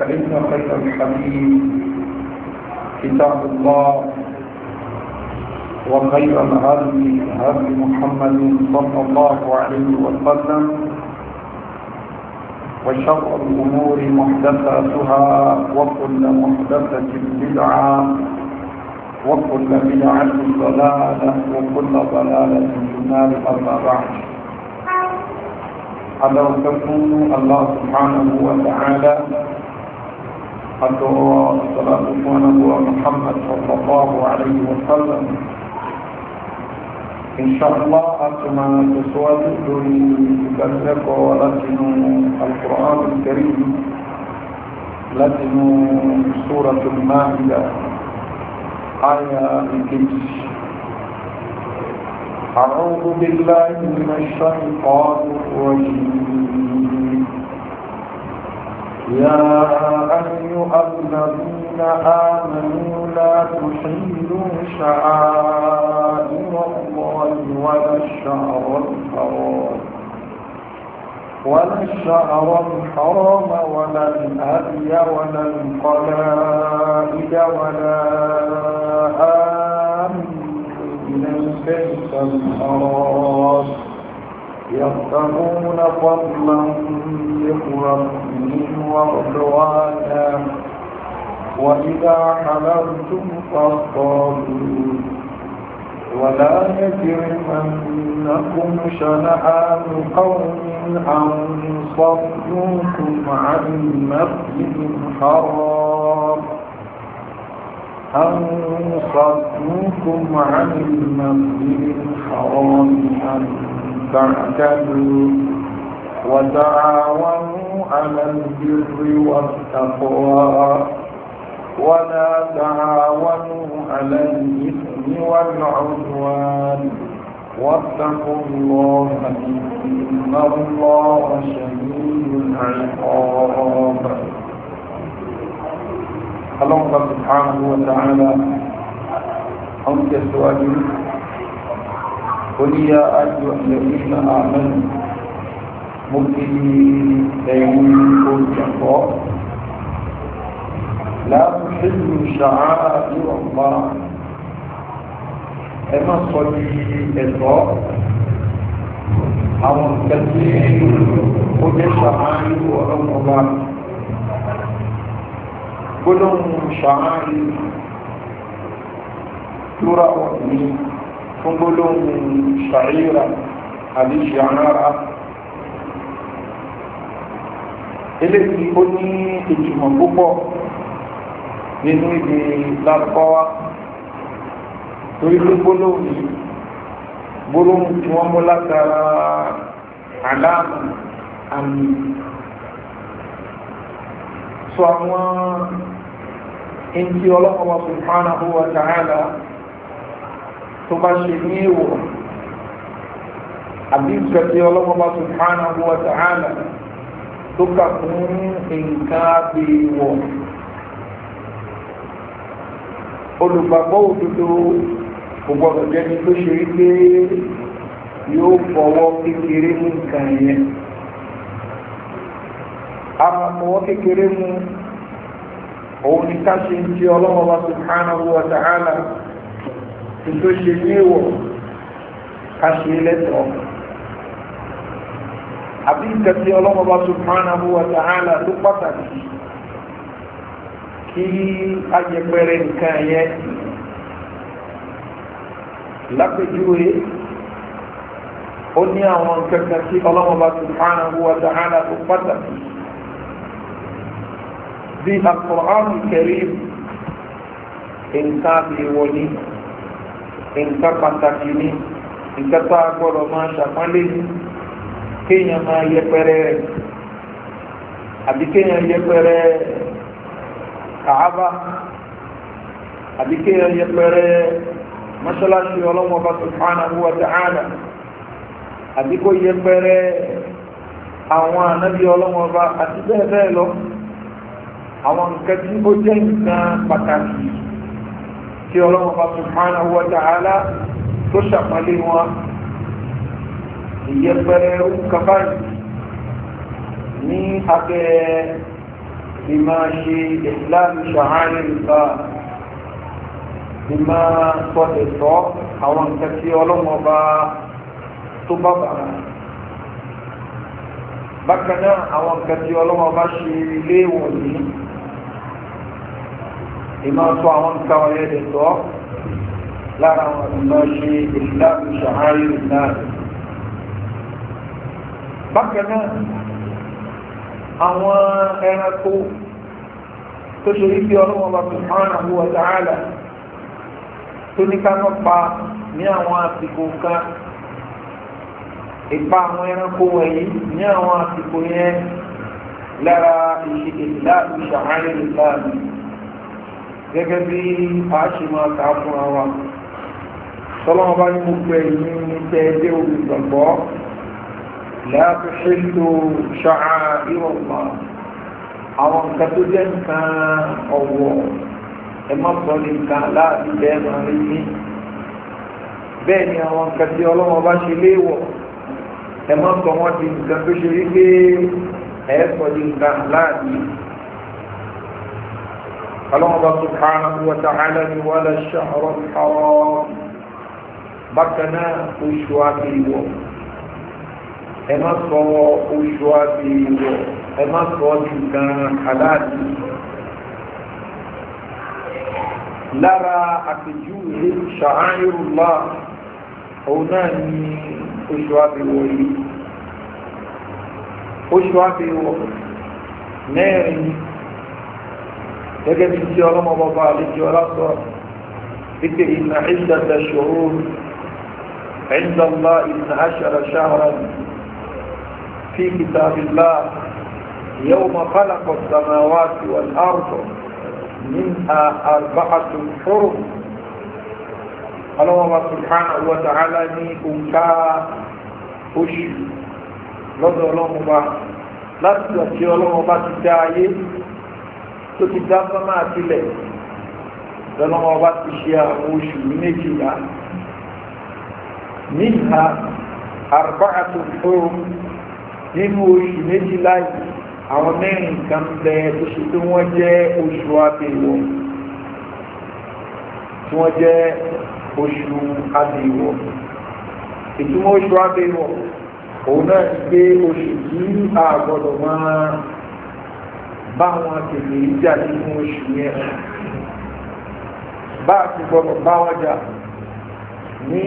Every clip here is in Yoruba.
فإن خير الحديث كتاب الله وخير الهدي هدي محمد صلى الله عليه وسلم وشر الأمور محدثاتها وكل محدثة بدعة وكل بدعة ضلالة وكل ضلالة في النار أما بعد أدرككم الله سبحانه وتعالى حتى الصلاة ونبوة محمد صلى الله عليه وسلم إن شاء الله أتما تسوات الدنيا تبلغ ولكن القرآن الكريم لكن سورة المائدة آية الكبش أعوذ بالله من الشيطان الرجيم يا أيها الذين آمنوا لا تحيلوا شعائر الله ولا الشعر الحرام ولا الشعر الحرام ولا الهدي ولا القلائد ولا آمن من البيت الحرام يبتغون فضلا من وعدوانا وإذا حللتم فاصطادوا ولا يجرمنكم شنآن قوم أن صدوكم عن المسجد الحرام أن صدوكم عن المسجد الحرام أن تعتدوا وتعاونوا على البر والتقوى ولا تعاونوا على الإثم والعدوان واتقوا الله إن الله شديد العقاب الله سبحانه وتعالى أنت سؤالي قل يا أيها الذين آمنوا مؤمنين دينكم تقوى لا تحلوا شعائر الله أما صلي الله أو كثير قل شعائر الله قلهم شعائر ترى وإنه fún gbólóhùn ṣàríra àbí ṣàrára eléyìí ó ní ìtumọ̀ púpọ̀ nínú ibi lárúbáwá torí pé gbólóhùn yìí gbólóhùn tí wọ́n mú látara àlámù àmì sọ àwọn ẹni tí ọlọ́pàá subhanahu wa ta'ala tó bá ṣe ní èèwọ̀ àbí nǹkan tí ọlọ́mọba subhanahu wa ta'ala tó kà fún nǹkan àbẹ̀wọ̀ olùgbàgbọ́ òdodo kò gbọdọ̀ jẹ́ni tó ṣe rí pé yóò fọwọ́ kékeré mú nǹkan yẹn a máa fọwọ́ kékeré mú òun ni ká ṣe ń ṣe ọlọ́mọba subhanahu wa ta'ala tó ṣe ní ìwọ̀ ká ṣe lẹ́tọ̀ọ́ àbí nǹkan tí ọlọ́mọba subhanahu wa ta'ala tó pàtàkì kí ayẹpẹrẹ nǹkan yẹn lápẹjúwe ó ní àwọn nǹkan kan tí ọlọ́mọba subhanahu wa ta'ala tó pàtàkì bí Al-Qur'an Karim nǹkan àbí wọlé nǹkan pàtàkì ni nǹkan tó a gbọ́dọ̀ máa ṣàpọ́nlé kéèyàn máa yẹpẹrẹ rẹ̀ àbí kéèyàn yẹpẹrẹ kàába àbí kéèyàn yẹpẹrẹ mọ́ṣáláṣí ọlọ́mọba subhanahu wa ta'ala àbí kó yẹpẹrẹ àwọn ànábì ọlọ́mọba àti bẹ́ẹ̀ bẹ́ẹ̀ lọ àwọn nǹkan tí ọlọ́run bá subhanahu wa ta'ala tó ṣàpálé wọn ìyẹpẹrẹ kàbáyì ní abẹ́ ìmá ṣe ìlànà ṣàhánì nípa ìmá sọ ẹ̀tọ́ àwọn nǹkan tí ọlọ́run bá tó bá bàrà bákan náà àwọn nǹkan tí ọlọ́run bá ṣe léèwọ̀ yìí ìmọ̀ sọ àwọn nǹkan ọ̀rẹ́ rẹ̀ sọ lára àwọn ìmọ̀ ṣe ìsìláàmù ṣàhárì náà bákan náà àwọn ẹranko tó ṣe wípé ọlọ́wọ́n bá fi hàn àwọn ọ̀tá àlà tó ní ká mọ́ pa ní àwọn àsìkò kan ipa àwọn ẹranko wọ̀nyí ní àwọn àsìkò yẹn lára ìṣe ìsìláàmù ṣàhárì náà gẹ́gẹ́ bí a ṣe máa ta fún wa sọlọ́wọ́ bá ní gbogbo ẹ̀yìn ní tẹ́ẹ̀dẹ́ olùgbàgbọ́ láti ṣètò ṣáà ìrọ̀mà àwọn nǹkan tó jẹ́ nǹkan ọ̀wọ̀ ẹ ní nǹkan láàbí bẹ́ẹ̀ wọ́n di nǹkan tó ṣe rí pé ẹ̀ nǹkan láàbí ọlọ́mọba subhanahu wa ta'ala ni wà lè ṣàrọ̀ ọ̀rọ̀ bákaná oṣù àbíwọ̀ ẹ má sọ oṣù àbíwọ̀ ẹ má sọ ju gan aláàbí lára àpèjúwe ṣàhánirùlá òun náà ni oṣù àbíwọ̀ yìí oṣù àbíwọ̀ mẹ́rin gẹ́gẹ́ bí tí ọlọ́mọ bọ́bá àlejò ọlọ́sọ wípé ìnà ìdàdà ṣòro ẹ̀ńdàlá ìnà àṣàrà ṣáhàrà fi kìtàbílá يوم خلق السماوات والأرض منها أربعة حرم الله سبحانه وتعالى نيكا أشي لدى الله láti ọ̀tí ọlọ́run bá ti tó ti dá sọ́mà sílẹ̀ lọ́lọ́wọ́ bá ti ṣe àwọn oṣù méjìlá níhà arba'atu hurum nínú oṣù méjìlá yìí àwọn mẹ́rin kan bẹ oṣù tí wọ́n jẹ́ oṣù abẹ́wọ̀ tí wọ́n jẹ́ oṣù abẹ́wọ̀ ìtumọ̀ oṣù abẹ́wọ̀ òun náà gbé oṣù tí a máa báwọn akèlè ìjà nínú oṣù yẹn bá a ti gbọdọ̀ báwọn jà ní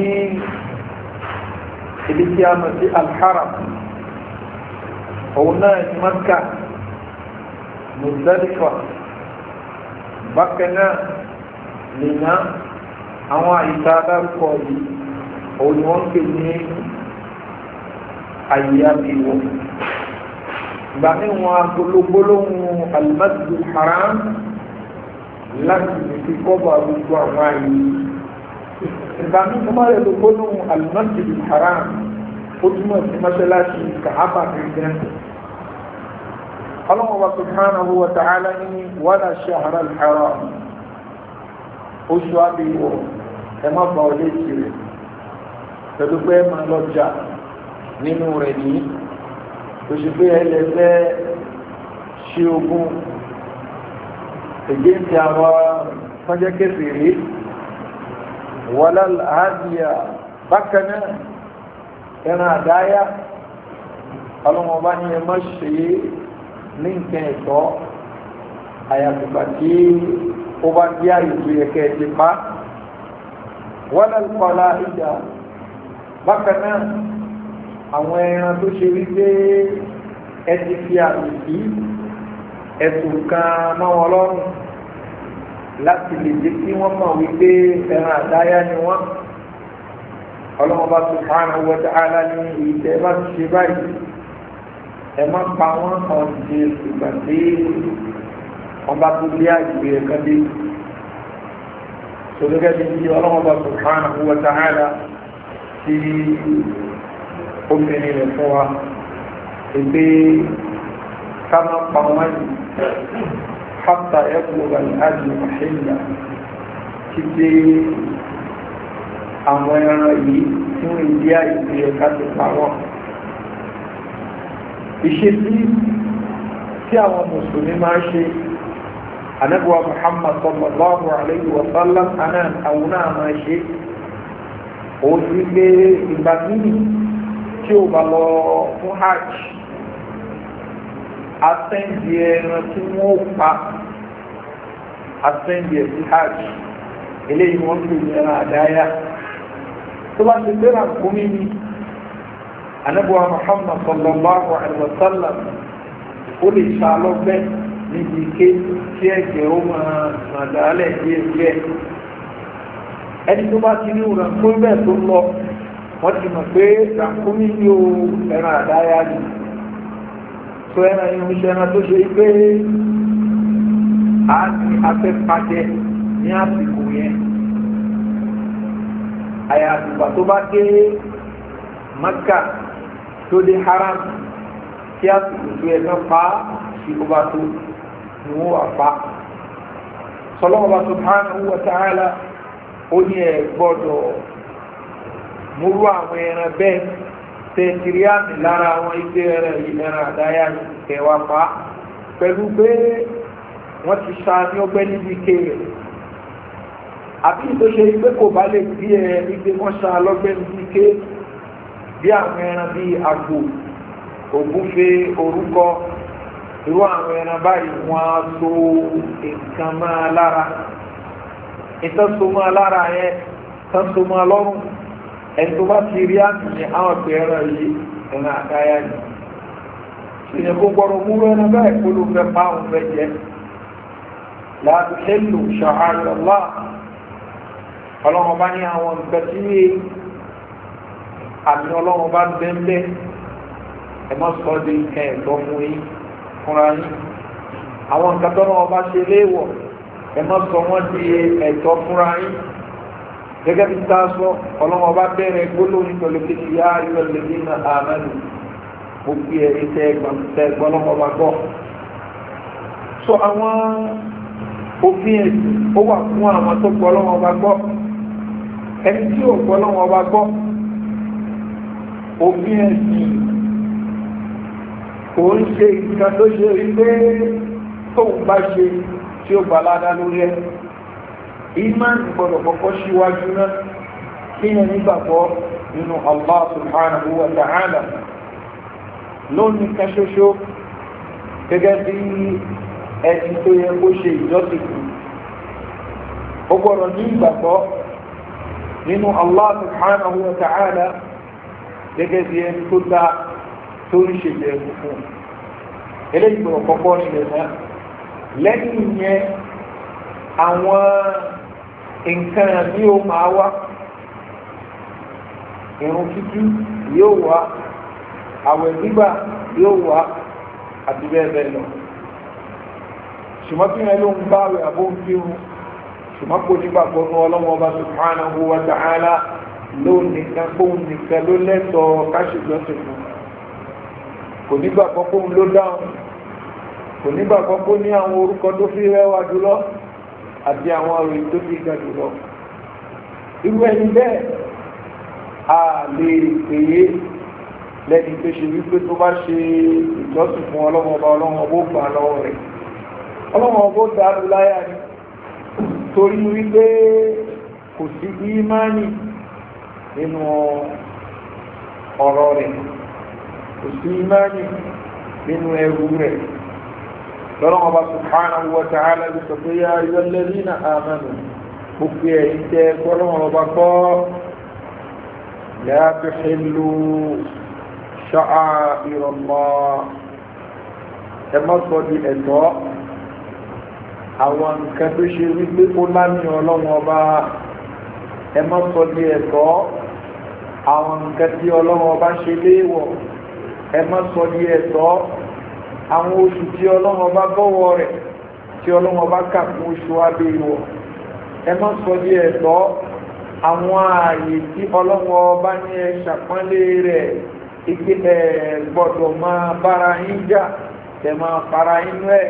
ibi tí a mọ̀ sí alharam òun náà ní maka mùsàlìfà bákan náà nìyà àwọn àyíká adárúkọ yìí òun ni wọ́n pè ní àyíká bí wọ́n gbà mí wọn agológbó lóhun alimẹsìlú haram láti fi kọ́bọ̀ àwùjọ àwọn àyè ìgbà mí wọn máa lọ gbólóhùn alimẹsìlú haram ó túmọ̀ sí mọ́ṣáláṣí kàábà gẹ́gẹ́ ọlọ́wọ́n wa subhanahu wa ta'ala ní wàlá ṣahara al-haram oṣù àbíwọ̀ ẹ má ba ọlé tirẹ̀ pẹ̀lú pé ẹ máa lọ jà nínú rẹ̀ nìyí tó ṣe pé ẹlẹ́ fẹ́ ṣe ogun èdè ti àwọn sọ́jẹ́ kéfèèrè wọ́lá àádìyà bákanáà ẹran àdáyá ọlọ́mọba ní ẹ má ṣe ní nǹkan ẹ̀tọ́ àyàtùgbà tí ó bá bí ààyè tó ti pa wọ́lá ìpàlà ìjà àwọn ẹran tó ṣe wípé ẹ ti fi àmì sí ẹ̀sùn kan mọ́ wọn lọ́rùn láti lè jẹ́ kí wọ́n mọ̀ wípé ẹran àdáyá ni wọ́n ọlọ́run bá subhanahu wa ta'ala ní ìtẹ́ bá ti ṣe báyìí ẹ má pa wọ́n kan ṣe ìgbà tí wọ́n bá tó lé àgbè ẹ̀kan dé sọ gẹ́gẹ́ ọlọ́run bá subhanahu wa ta'ala ti obìnrin rẹ̀ fún wa ìgbé kámọ́ pàmọ́lì hátà ẹ̀kùnlọ́gbà ní àjò àṣẹ́yà títí àwọn ẹran yìí tí wọ́n ìdí àìsí ẹ̀ka ti pàwọ́ ìṣesí tí àwọn mùsùlùmí máa ń ṣe anabuwa muhammad sallallahu Alaihi wa sallam anan àwọn náà máa ṣe òun ti gbé ìgbà mímì tí ó bá lọ fún hajj asẹ́ǹdì ẹran tí wọ́n pa asẹ́ǹdì ẹ̀ sí hajj eléyìí wọ́n fi ẹran àdáyà tó bá ti gbéra gómìn ní anábọ̀wá Muhammad sallallahu alaihi wa sallam ó lè sa lọ́gbẹ́ níbi ike tí ẹ̀jẹ̀ ó máa sàdálẹ̀ díẹ̀díẹ̀ ẹni tó bá ti ní òràn tó bẹ́ẹ̀ tó lọ wọ́n ti mọ̀ pé ràkúnmí ní o ẹran àdáyá ni tó ẹran irun iṣẹ́ ẹran tó ṣe pé a ní afẹ́fàjẹ ní àsìkò yẹn àyàtùgbà tó bá dé Mẹ́kà tó dé haram tí àsìkò tó ẹ̀kan pa sí ó tó ni wọ́n wà pa sọlọ́wọ́ subhanahu wa ta'ala ó ní ẹ̀ gbọ́dọ̀ mo rú àwọn ẹran bẹ́ẹ̀ tẹ̀sírí àmì lára àwọn ilé ẹran àdáyà kẹwàá pa pẹ̀lú pé wọ́n ti sa ní ọgbẹ́ níbi ike rẹ̀ àbí tó ṣe pé kò bá lè bí ẹ igbe wọ́n sa lọ́gbẹ́ níbi ike bí àwọn ẹran bíi àgbò ògúnfe orúkọ irú àwọn ẹran báyìí wọ́n á so nǹkan máa lára ìtàn máa lára yẹn tán máa lọ́rùn ẹ̀tọ́ bá ti rí àmì ní àwọn pè ẹran yìí ẹ̀rọ àkáyà ni èèyàn kò gbọ́dọ̀ múrò ẹran bẹ́ẹ̀ kó ló fẹ́ pa òun fẹ́ jẹ láti ṣẹlù ṣàhárọ̀lá ọlọ́run bá ní àwọn nǹkan gẹ́gẹ́ bí ta sọ ọlọ́wọ́ bá bẹ̀rẹ̀ gbólóhùn pẹ̀lú pé ìyá ayọ̀ lè ní ma àmàlù mo fi ẹ̀rí tẹ́ ẹgbọ́n lọ́wọ́ bá gbọ́. sọ àwọn òfin ẹ̀sìn ó wà fún àwọn tó gbọ́ lọ́wọ́ bá gbọ́ ẹni tí ò gbọ́ lọ́wọ́ bá gbọ́ òfin ẹ̀sìn kò ń ṣe nǹkan tó ṣe rí pé tóun bá ṣe tí ó bá ládá lórí ẹ̀sìn iman gbọdọ̀ kọ́kọ́ síwájú náà kí yẹn nígbàgbọ́ nínú Allah subhanahu wa ta'ala lónìí kan ṣoṣo gẹ́gẹ́ bí ẹni tó yẹ kó ṣe ìjọsìn ó gbọdọ̀ ní nínú Allah subhanahu wa ta'ala gẹ́gẹ́ bí ẹni tó dá tó ń ṣe ìjẹ̀kù fún eléyìí gbọdọ̀ kọ́kọ́ ṣẹlẹ̀ lẹ́yìn yẹn àwọn nǹkan mi ò máa wá irun kíkí yóò wá àwẹ̀ gbígbà yóò wá àti bẹ́ẹ̀ bẹ́ẹ̀ lọ ṣùgbọ́n kí ló ń bá àwẹ̀ àbó ń fi hun ṣùgbọ́n kò nígbà kan ní ló nìkan nìkan ló lẹ́tọ̀ọ́ ti fún kò ló dáhùn kò kó ní àwọn orúkọ tó fi rẹwà àti àwọn àròyìn tó fi ga jùlọ irú ẹni bẹ́ẹ̀ a lè pèyé lẹ́ni tó ṣe wípé tó bá ṣe ìjọsìn fún ọlọ́mọba ọlọ́mọbó gbà lọ́wọ́ rẹ̀ ọlọ́mọbó dàrú láyà ni torí wípé kò sí ìmánì nínú ọ̀rọ̀ rẹ̀ kò sí ìmánì nínú ẹrù rẹ̀ lọ́rọ̀ ọba subhanahu wa ta'ala bí sọ pé yá ayọ́ lẹ́rí na amanu mo fi ẹ̀yìn tẹ kọ́lọ́ ọba kọ́ la tuhillu sha'a'ir Allah ẹ má sọ di ẹ̀tọ́ àwọn nǹkan tó ṣe wípé ó lámì ọlọ́run ọba ẹ sọ di ẹ̀tọ́ àwọn nǹkan tí ọlọ́run ọba ṣe léèwọ̀ ẹ sọ di ẹ̀tọ́ àwọn oṣù tí ọlọ́wọ́ bá bọ́wọ́ rẹ̀ tí ọlọ́wọ́ bá kà fún oṣù abẹ́ ìwọ̀ ẹ má sọ di ẹ̀tọ́ àwọn ààyè tí ọlọ́wọ́ bá ní ẹ ṣàpọ́nlé rẹ̀ ike ẹ gbọ́dọ̀ máa bára yín jà ẹ máa fara yín rẹ̀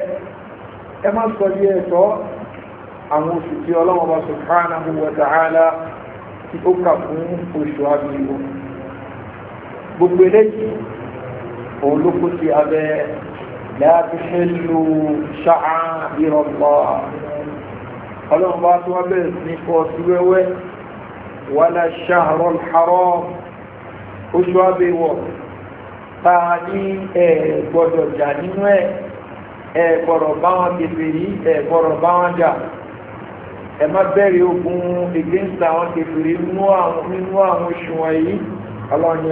ẹ má sọ di ẹ̀tọ́ àwọn oṣù tí ọlọ́wọ́ bá subhanahu wa ta'ala tí ó kà fún oṣù abẹ́ ìwọ̀ gbogbo eléyìí òun ló kó sí abẹ́ لا تحلوا شعائر الله ọlọ́run bá tó wọ́n bẹ̀rẹ̀ sí fọ́ sí wẹ́wẹ́ wala ṣàrọ̀ haram oṣù abẹ́wọ̀ ta ní ẹ gbọ́dọ̀ jà nínú ẹ̀ ẹ gbọ́dọ̀ bá wọn kèfèrí ẹ gbọ́dọ̀ bá wọn jà ẹ má bẹ̀rẹ̀ ogun against àwọn kèfèrí nínú àwọn oṣù wọ̀nyí ọlọ́run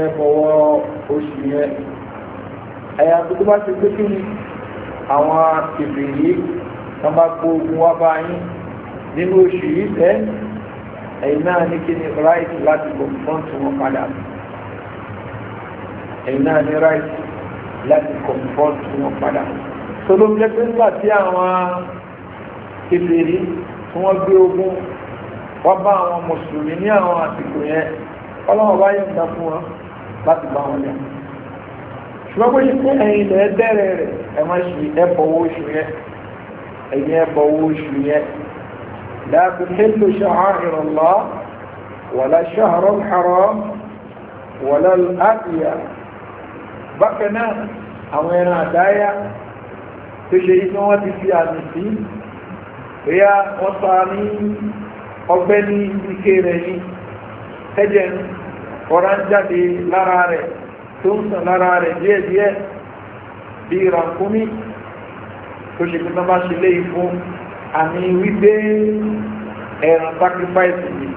yẹn ẹ̀yà tó tó bá ti gbé kí ni àwọn ìbè yìí wọ́n bá kó ogun wá bá yín nínú oṣù yìí tẹ́ ẹ̀yìn náà ní kí ni right láti kọ̀ǹfọ́ǹtì wọn padà ẹ̀yìn náà ní right láti kọ̀ǹfọ́ǹtì wọn padà tó ló ń jẹ́ pé nígbà tí àwọn ìbèrè tí wọ́n gbé ogun wọ́n bá àwọn mùsùlùmí ní àwọn àsìkò yẹn ọlọ́wọ́n bá yẹ̀ ń dá fún wọn láti bá wọn yẹn ṣùgbọ́n bó ṣe pé ẹ̀yin ilẹ̀ bẹ̀rẹ̀ rẹ̀ ẹ má ṣe ẹbọ owó oṣù yẹn ẹ̀yin ẹbọ owó oṣù yẹn láàbù hélò ṣàhárìn lọ wàlá ṣàhárọ̀ àrọ̀ wàlá àbíyà bákan náà àwọn ẹran àdáyà tó ṣe yí pé wọ́n ti fi àmì sí bóyá wọ́n ta ní ọgbẹ́ ní ike rẹ̀ ní ẹ̀jẹ̀ ọ̀rá ń jáde lára rẹ̀ tó ń sàn lára rẹ̀ díẹ̀díẹ̀ bí ìrànkúmí tó ṣe pín bá ṣe léyìí fún àmì wípé ẹran sacrifice ni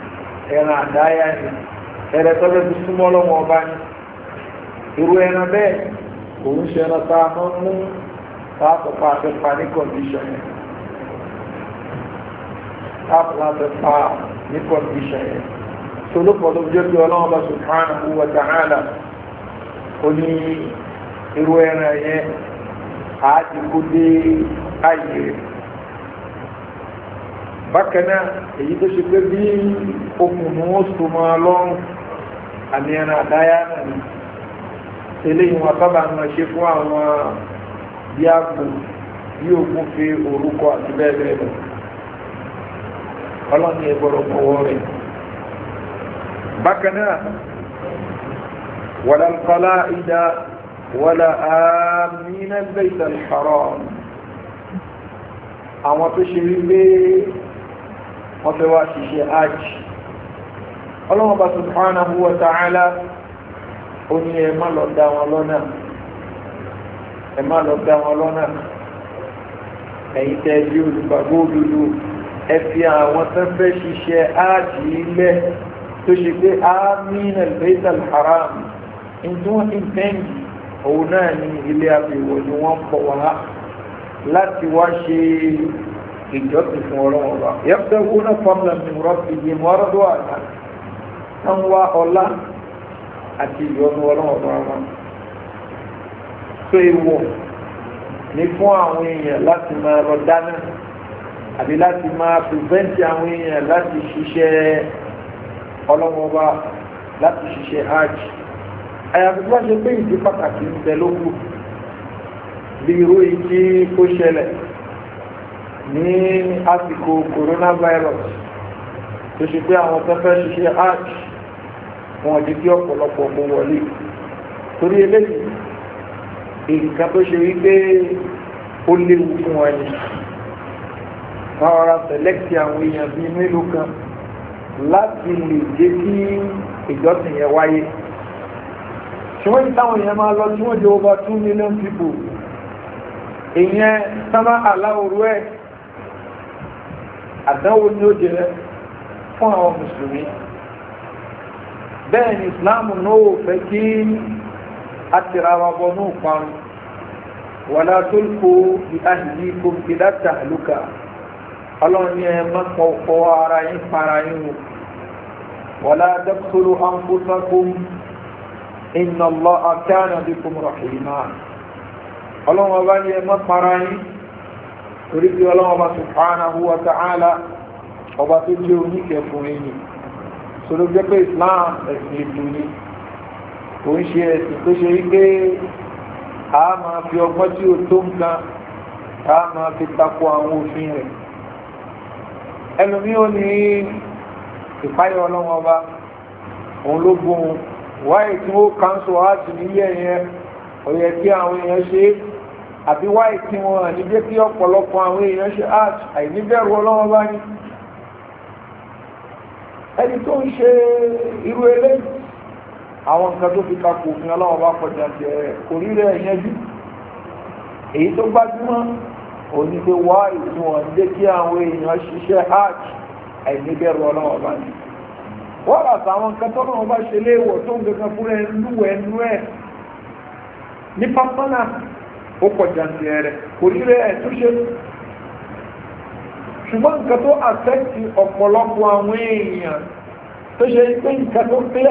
ẹran àdáyà ni ẹran tó lẹ́bi súnmọ́ lọ́wọ́ ọba ni irú ẹran bẹ́ẹ̀ òun ṣe ẹran tá a máa ń mú pàápàá àfẹ́fà ní condition yẹn pàápàá àfẹ́fà ní condition yẹn tó ló pọ̀ ló subhanahu wa ta'ala. onye ní irú ẹran yẹn á kó dé bakana rẹ̀ bákan náà èyí tó ṣe pé bí okùnmù ó so mọ́ lọ́rùn àmì ẹran àdáyá náà ni eléyìí wọn sábà máa ṣe fún àwọn bí àgbò bí fi orúkọ ولا القلائد ولا آمين البيت الحرام àwọn tó ṣe rí pé wọ́n fẹ́ wá ṣiṣẹ́ hajj ọlọ́wọ́n bá subhanahu wa ta'ala ó ní ẹ má lọ dá wọn lọ́nà ẹ má lọ dá wọn lọ́nà ẹ̀yin tẹ́ bí olùgbàgbọ́ òdodo ẹ fi àwọn tó fẹ́ ṣiṣẹ́ hajj ilẹ̀ tó ṣe pé amina al-bayt al-haram nti wọn ntẹn òun náà ní ilé abèwọ ni wọn kọ wá láti wá ṣe ìjọsìn fún ọlọ́run ọba yẹpẹ wọn náà fọmùlà mi rọpì yìí wọn rọdọ àná wọn wá ọlá àti ìyọnu ọlọ́run ọba wọn tó ewọ ní fún àwọn èèyàn láti máa lọ dáná àbí láti máa pìrìsẹ́ǹtì àwọn èèyàn láti ṣiṣẹ́ ọlọ́run ọba láti ṣiṣẹ́ hajj àyàfi bá ṣe pé ìdí pàtàkì ń bẹ lókù bí irú ìdí ó ṣẹlẹ̀ ní àsìkò coronavirus tó ṣe pé àwọn tó fẹ́ ṣiṣẹ́ arch wọn ti kí ọ̀pọ̀lọpọ̀ kó wọlé torí eléyìí nǹkan tó ṣe wípé ó léwu fún wọn ni wọn rọra sẹlẹ́kì àwọn èèyàn bíi mélòó kan láti lè jẹ́ kí ìjọsìn yẹn wáyé ṣùgbọ́n ìtàwọn èèyàn máa lọ tí wọ́n jẹ́ over 2 million people èèyàn sánmà aláwòrú ẹ̀ àdánwò ni ó jẹ́ fún àwọn mùsùlùmí bẹ́ẹ̀ ni islam náà fẹ́ kí a tìra wa bọ́ ní ìparun wàlá tó ń kó ìdáhìlì kó ń fi dáta àlùkà ọlọ́run ni ẹ má pọ̀ ara yín para yín wò wàlá dẹ́kùtò àǹfọ̀sọ́kùn inna Allaha kana bikum rahima ọlọ́run ọba ní ẹ má para yín torí pé ọlọ́run ọba subhanahu wa ta'ala ọba tó jẹ́ oníkẹ́ fún yín sọ̀rọ̀ jẹ́ pé Islam ẹ̀sìn ètò ni kò ń ṣe ẹ̀sìn tó ṣe wípé a máa fi ọgbọ́n tí ó tó nǹkan a máa fi tako àwọn òfin rẹ̀ ẹlòmíì ní ìpáyọ̀ ọlọ́run ọba òun ló gbóhun wáyé tí wọ́n kánṣó áàtì nílé yẹn ọ̀yẹ̀ kí àwọn èèyàn ṣe é àbí wáyé tí wọ́n ní jẹ́ kí ọ̀pọ̀lọpọ̀ àwọn èèyàn ṣe áàtì àìníbẹ̀rù ọlọ́wọ́ bá ní ẹni tó ń ṣe irú eléyìí àwọn nǹkan tó fi kakò òfin ọlọ́wọ́ bá kọjá jẹ oríire ẹ̀yẹn jù èyí tó gbajúmọ̀ òní pé wáyé tí wọ́n jẹ́ kí àwọn èèyàn ṣiṣẹ́ áàtì àìníbẹ̀rù ọlọ́wọ́ bá ní wọ́n rà sáwọn nǹkan tó náà bá ṣe léèwọ̀ tó ń gbẹ̀kan fún ẹnu ẹnu ẹ̀ ní pápánà ó kọjá sí ẹ̀rẹ̀ kò rí rẹ̀ ẹ̀túnṣe ṣùgbọ́n nǹkan tó àfẹ́tì ọ̀pọ̀lọpọ̀ àwọn èèyàn tó ṣe pé nǹkan tó pẹ́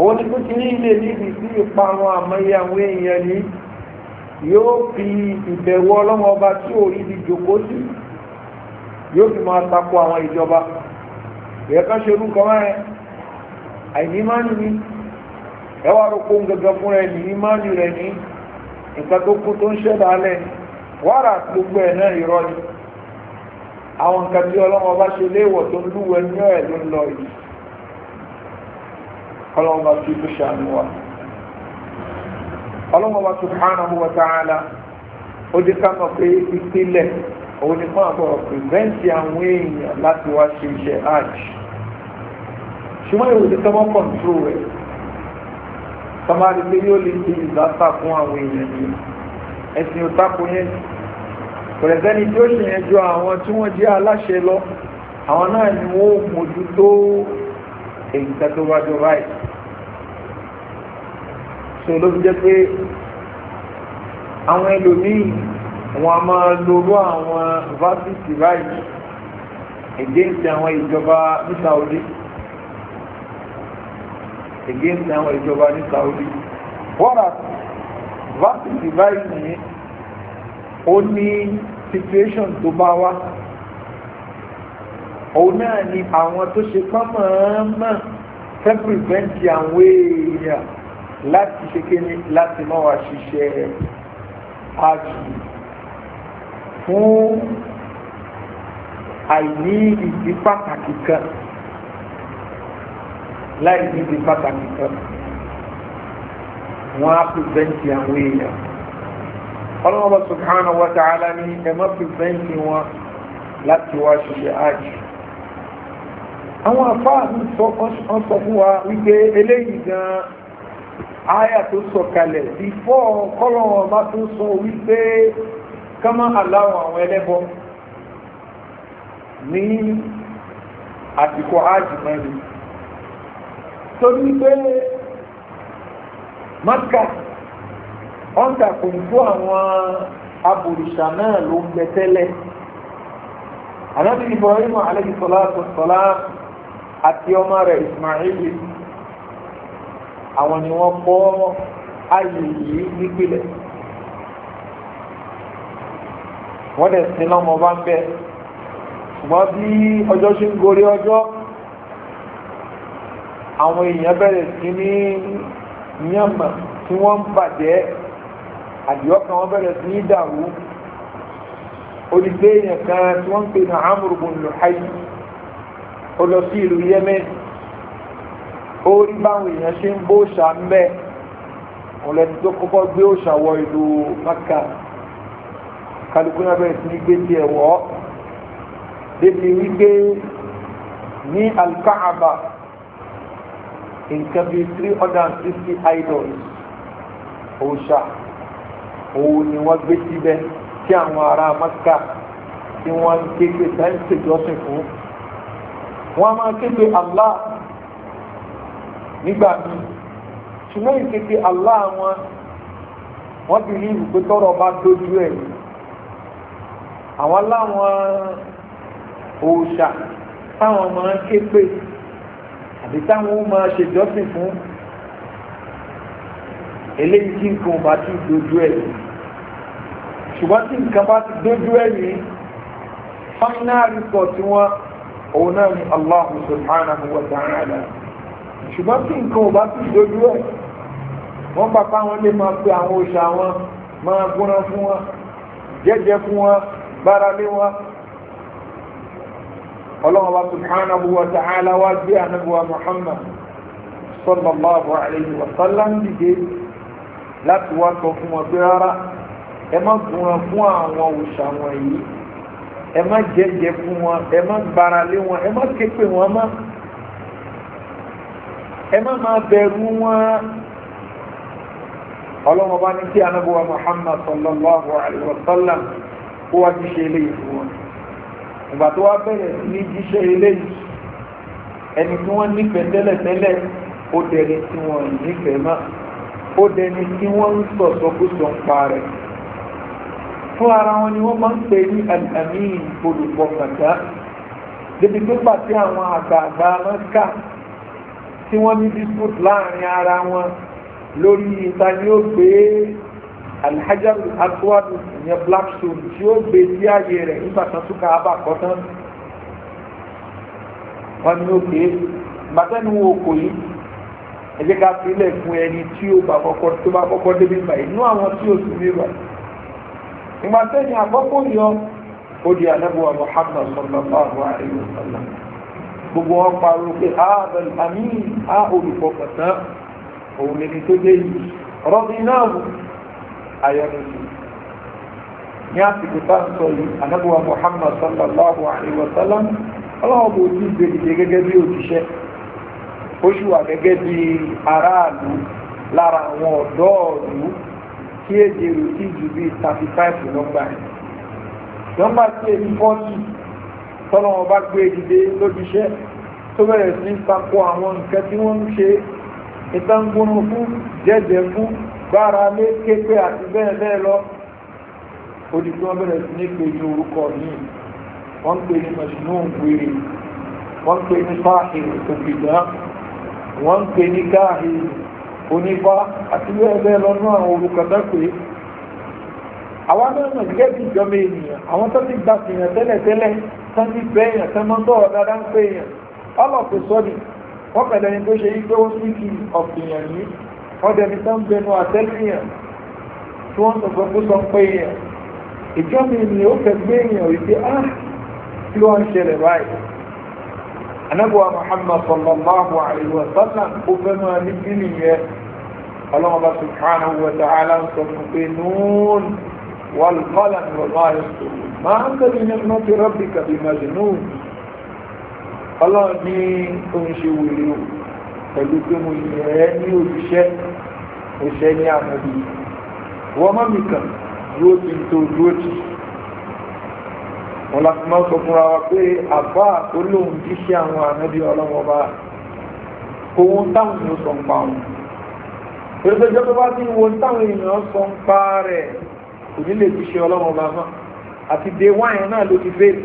òun ni kó ti rí ilé níbi sí ìparun àmọ́yé àwọn èèyàn ní yóò fi ìbẹ̀wọ̀ ọlọ́mọba tí ò rí ibi jòkó sí yóò fi máa tako àwọn ìjọba ya kashe rú kama ya a yi nì ni ẹwà rúkú rẹ gbogbo náà irọ́ ni àwọn nǹkan tí ọlọ́wọ́ bá ṣe léèwọ̀ tó ń lúwẹ̀ ní ẹ̀ ló ń lọ yìí bá fi ṣàánú wa bá ta'ala ó dé ká mọ̀ pé ìpínlẹ̀ òun ni fún àbọ̀ àwọn èèyàn láti wá ṣe iṣẹ́ ṣùgbọ́n ìwòye tó wọ́n kọ̀ǹtró rẹ̀ tọ́mọ́rí pé yóò lè ṣe ìdásá fún àwọn èèyàn yìí ẹ̀sìn ò tako yẹn pẹ̀lẹ́sẹ́ni tí ó ṣe yẹn ju àwọn tí wọ́n jẹ́ aláṣẹ lọ àwọn náà ni wọ́n ó mójútó èyí tó wá jọ báyìí tó ló fi jẹ́ pé àwọn ẹlòmíì wọn a máa lorú àwọn fásitì báyìí èdè ń ti àwọn ìjọba ní Saudi against àwọn ìjọba ní Saudi wọ́n vaccine báyìí ní ó ní situation tó bá wá òun náà ni àwọn tó ṣe pọ́n fẹ́ prevent àwọn èèyàn láti ṣe kéne láti mọ́ wa ṣiṣẹ́ àjù fún àìní ìdí pàtàkì kan láì níbi pàtàkì kan wọ́n á pìfẹ́ǹtì àwọn èèyàn ọlọ́mọba subhanahu wa ta'ala ní ẹ̀mọ́ pìfẹ́ǹtì wọn láti wá ṣiṣẹ́ àjì àwọn afáà ń sọ fún wa wípé eléyìí gan áyà tó sọ kalẹ̀ bífọ́ kọ́lọ́wọ́n bá tó sọ wípé ká má aláwọ̀ àwọn ẹlẹ́bọ ní àsìkò àjì mẹ́rin torí pé maka wọ́n ta kò ní fún àwọn abòrìṣà náà ló ń bẹ tẹ́lẹ̀ ànábì Ibrahim alayhi salatu salam àti ọmọ rẹ̀ Ismail àwọn ni wọ́n kọ́ ayé yìí nípìnlẹ̀ wọ́n dẹ̀ sin lọ́mọ bá ń bẹ ṣùgbọ́n bí ọjọ́ ṣe ń gorí ọjọ́ àwọn èèyàn bẹ̀rẹ̀ sí ní yànmà tí wọ́n ń bàjẹ́ àdìọ́kàn wọn bẹ̀rẹ̀ sí ní dàrú olùgbé èèyàn kan tí wọ́n ń pè ní Amr ibn Luhay ó lọ sí ìlú Yemen ó rí báwọn èèyàn ṣe ń bó òòṣà ń bẹ́ ọ̀lẹ́ni tó kọ́kọ́ gbé òòṣà wọ ìlú Maka kálukú náà bẹ̀rẹ̀ sí ní gbé tiẹ̀ wọ́ débi wípé ní al nǹkan bíi three hundred and fifty idols òòṣà òun ni wọ́n gbé síbẹ̀ tí àwọn ará Mẹ́kà tí wọ́n ń ké pé sáyẹ́ǹsì jọ́sìn fún wọ́n máa ké pé Allah nígbà míì ṣùgbọ́n ìkéde Allah wọn wọ́n ti rí ìpè tọrọ bá dojú ẹ̀ àwọn láwọn òòṣà táwọn máa ń ké pé àbí táwọn ó máa ṣe jọ́sìn fún eléyìí tí nǹkan ò bá ti dojú ẹ̀ ṣùgbọ́n tí nǹkan bá ti dojú ẹ̀ ní final report wọn òun náà ni Allah subhanahu wa ta'ala ṣùgbọ́n tí nǹkan ò bá ti dojú ẹ̀ wọ́n bá fáwọn lè máa pe àwọn òòṣà wọn máa gúnra fún wọn jẹ́jẹ́ fún wọn gbára lé wọn ọlọ́run wa subhanahu wa ta'ala wa gbé anabuwa muhammad sallallahu alayhi wa sallam dìde láti wá sọ fún wọn pé rárá ẹ má gunra fún àwọn òòṣà wọn yìí ẹ má jẹjẹ fún wọn ẹ má gbára lé wọn ẹ má ké wọn mọ́ ẹ má máa bẹ̀rù wọn ọlọ́run ọba ní kí anabuwa muhammad sallallahu alayhi wa sallam kó wá ti ṣe eléyìí fún wọn ìgbà tó wá bẹ̀rẹ̀ sí ní jíṣẹ́ eléyìí ẹni tí wọ́n nífẹ̀ẹ́ tẹ́lẹ̀tẹ́lẹ̀ ó dẹni tí wọ́n nífẹ̀ẹ́ mọ́ ó dẹni tí wọ́n ń sọ̀sọ́kúsọ ń pa rẹ̀ fún ara wọn ni wọ́n máa ń pè ní àmì olùpọ̀ kàdá débi tó gbà tí àwọn àgbààgbà mọ́ká tí wọ́n ní dispute láàrin ara wọn lórí ìta ni ó gbé alhajar aswad ìyẹn blackstone tí ó gbé sí ààyè rẹ̀ nígbà tán tún ká abá kọ́ tán wọ́n ní òkè bàtẹ́nu òkò yìí ẹ jẹ́ ká sílẹ̀ fún ẹni tí ó bá kọ́kọ́ tó bá kọ́kọ́ débi báyìí inú àwọn tí ó sì mí báyìí ìgbà tẹ́yìn àkọ́kọ́ yọ ó di ànábùwà muhammad sallallahu alayhi wa sallam gbogbo wọn pariwo pé ààbẹ̀lì àmì àà olùfọkàntán òun lè tó dé yìí rọ́bìnà ayọ́nu sí ní àsìkò tá ń sọ muhammad sallallahu alayhi wa sallam ọlọ́wọ́ bó bi gbèdìde gẹ́gẹ́ bí òṣìṣẹ́ ó sì wà gẹ́gẹ́ bí aráàlú lára àwọn ọ̀dọ́ ọ̀lú ju bí thirty five nọ́mbà yìí nọ́mbà tí èyí fọ́ọ̀tì tó sí takò àwọn nǹkan tí ń ṣe fún fún gbára lé képe àti bẹ́ẹ̀ bẹ́ẹ̀ lọ ó di pé wọ́n bẹ̀rẹ̀ sí ní pé ní orúkọ yìí wọ́n ń pè ní mẹ̀sùnún wèrè wọ́n ń pè ní fáàkì òkèdá wọ́n ń pè ní káàhì onífá àti bẹ́ẹ̀ bẹ́ẹ̀ lọ náà àwọn orúkọ dápé àwọn mẹ́rin gẹ́gẹ́ bí ìjọba ènìyàn àwọn tó ti gba èèyàn tẹ́lẹ̀tẹ́lẹ̀ tán ti fẹ́ èèyàn tán máa ń tọ̀rọ̀ dáadáa ń pè èèyàn ọlọ́pẹ̀ sọ́ọ̀dì wọ́n pẹ̀lẹ́ni tó ṣe yí pé ó sì kí ọ̀pìyàn yìí ọdẹ ní sáńbẹnu àtẹ́lẹ́yìn tí wọ́n sọ fún sọ pé èèyàn ìjọba ènìyàn ó fẹ́ gbé èèyàn wípé á kí ló ń ṣẹlẹ̀ báyìí anábọ̀ muhammad sallallahu alayhi wa sallam ó fẹ́ máa ní bí nìyẹn ọlọ́mọba subhanahu wa ta'ala ń sọ fún pé nùún والقلم وما يسطرون ما أنت بنعمة ربك بمجنون الله ní oúnjẹ wèrè òun pẹ̀lú pé mo yẹ ẹ́ ní òṣìṣẹ́ òṣìṣẹ́ ní àmọ́bí wọ́n mọ́ mi kàn dúró ti ń tó dúró ti wọn láti máa sọ fúnra wa pé àbá olóhùn jíṣẹ́ àwọn ànábì ọlọ́wọ́ bá ohun táwọn èèyàn sọ ń pa wọn pẹ̀lúpẹ̀jọ́ tó bá ti wo táwọn èèyàn sọ ń pa rẹ̀ kò ní lè jíṣẹ́ ọlọ́wọ́ bá mọ́ àti dé wáyé náà ló ti fèrè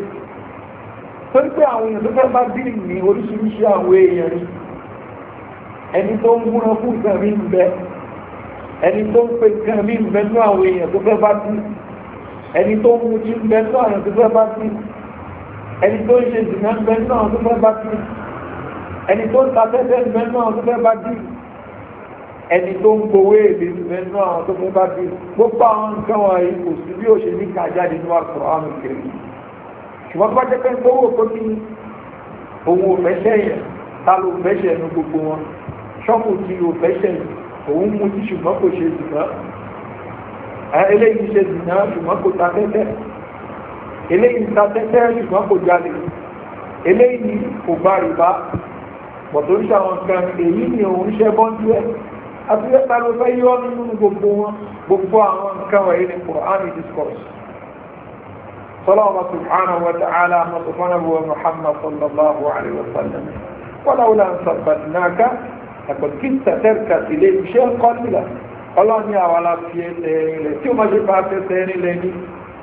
torí pé àwọn èèyàn tó fẹ́ bá dìrì ní oríṣiríṣi àwọn èèyàn ni ẹni tó ń múra fún nǹkan mi ń bẹ ẹni tó ń pe nǹkan mi ń bẹ ní àwọn èèyàn tó fẹ́ bá sí ẹni tó ń mu jí ń bẹ ní àwọn tó fẹ́ bá sí ẹni tó ń ṣe ìdìmọ̀ ń bẹ ní àwọn tó fẹ́ bá sí ẹni tó ń ta tẹ́tẹ́ ń bẹ ní àwọn tó fẹ́ bá sí ẹni tó ń gbowó èdè ń bẹ ní àwọn tó fẹ́ bá sí gbogbo àwọn nǹkan wọ̀nyí kò sí bí ó ṣe ní ká jáde ní wàásù àwọn ìkèrè ṣùgbọ́n ṣọ́pù tí o fẹ́ ṣẹlẹ̀ òun mú ti ṣùgbọ́n kò ṣe zìnà eléyìí ṣe zìnà ṣùgbọ́n kò ta tẹ́tẹ́ eléyìí ta tẹ́tẹ́ ṣùgbọ́n kò jalè eléyìí kò gba rìbá pọ̀tò ń ṣàwọn kan èyí ni òun ṣe bọ́ńdú ẹ̀ àti lẹ́ta ló fẹ́ yọ nínú gbogbo wọn gbogbo àwọn nǹkan wọ̀nyí ni Qur'ani discourse صلاه سبحانه وتعالى مصطفى محمد صلى الله عليه وسلم ولولا ان ثبتناك ẹ̀pọ̀ kí n tẹ̀tẹ̀ kà sí lé iṣẹ́ ń kọ́ sílẹ̀ ọlọ́ni àwọn aláfi ẹsẹ̀ rinlẹ̀ tí ó máa ṣe bá fẹsẹ̀ rinlẹ̀ ní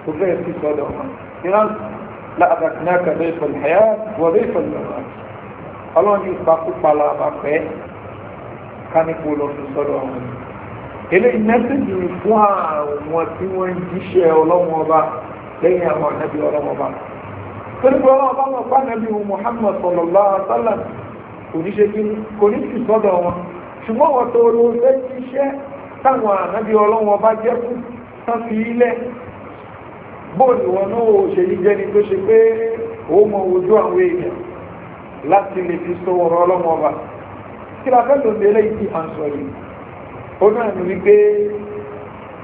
kò fẹ́ sí sọ́dọ̀ wọn ìran láàbàkìnà kàbẹ́ ìfọ̀lẹ̀ ẹ̀yà wọlé ìfọ̀lẹ̀ ọlọ́ni ìpakúpalà àbàpẹ́ kánípò lọ sí sọ́dọ̀ wọn eléyìí mẹ́sẹ̀jì ni fún àwọn tí wọ́n kò ní ṣe kí kò ní sì sọ́dọ̀ wọn ṣùgbọ́n wọ́n tó ló fẹ́ ti ṣẹ́ táwọn ànábì ọlọ́wọ́n bá jẹ́ fún tán fi ilẹ̀ bóòlù wọn náà ò ṣe ní jẹ́ni tó ṣe pé ó mọ ojú àwọn èèyàn láti lè fi sọ ọ̀rọ̀ ọlọ́wọ́n bá kí la fẹ́ lòdì eléyìí tí à ń sọ yìí ó náà ní wípé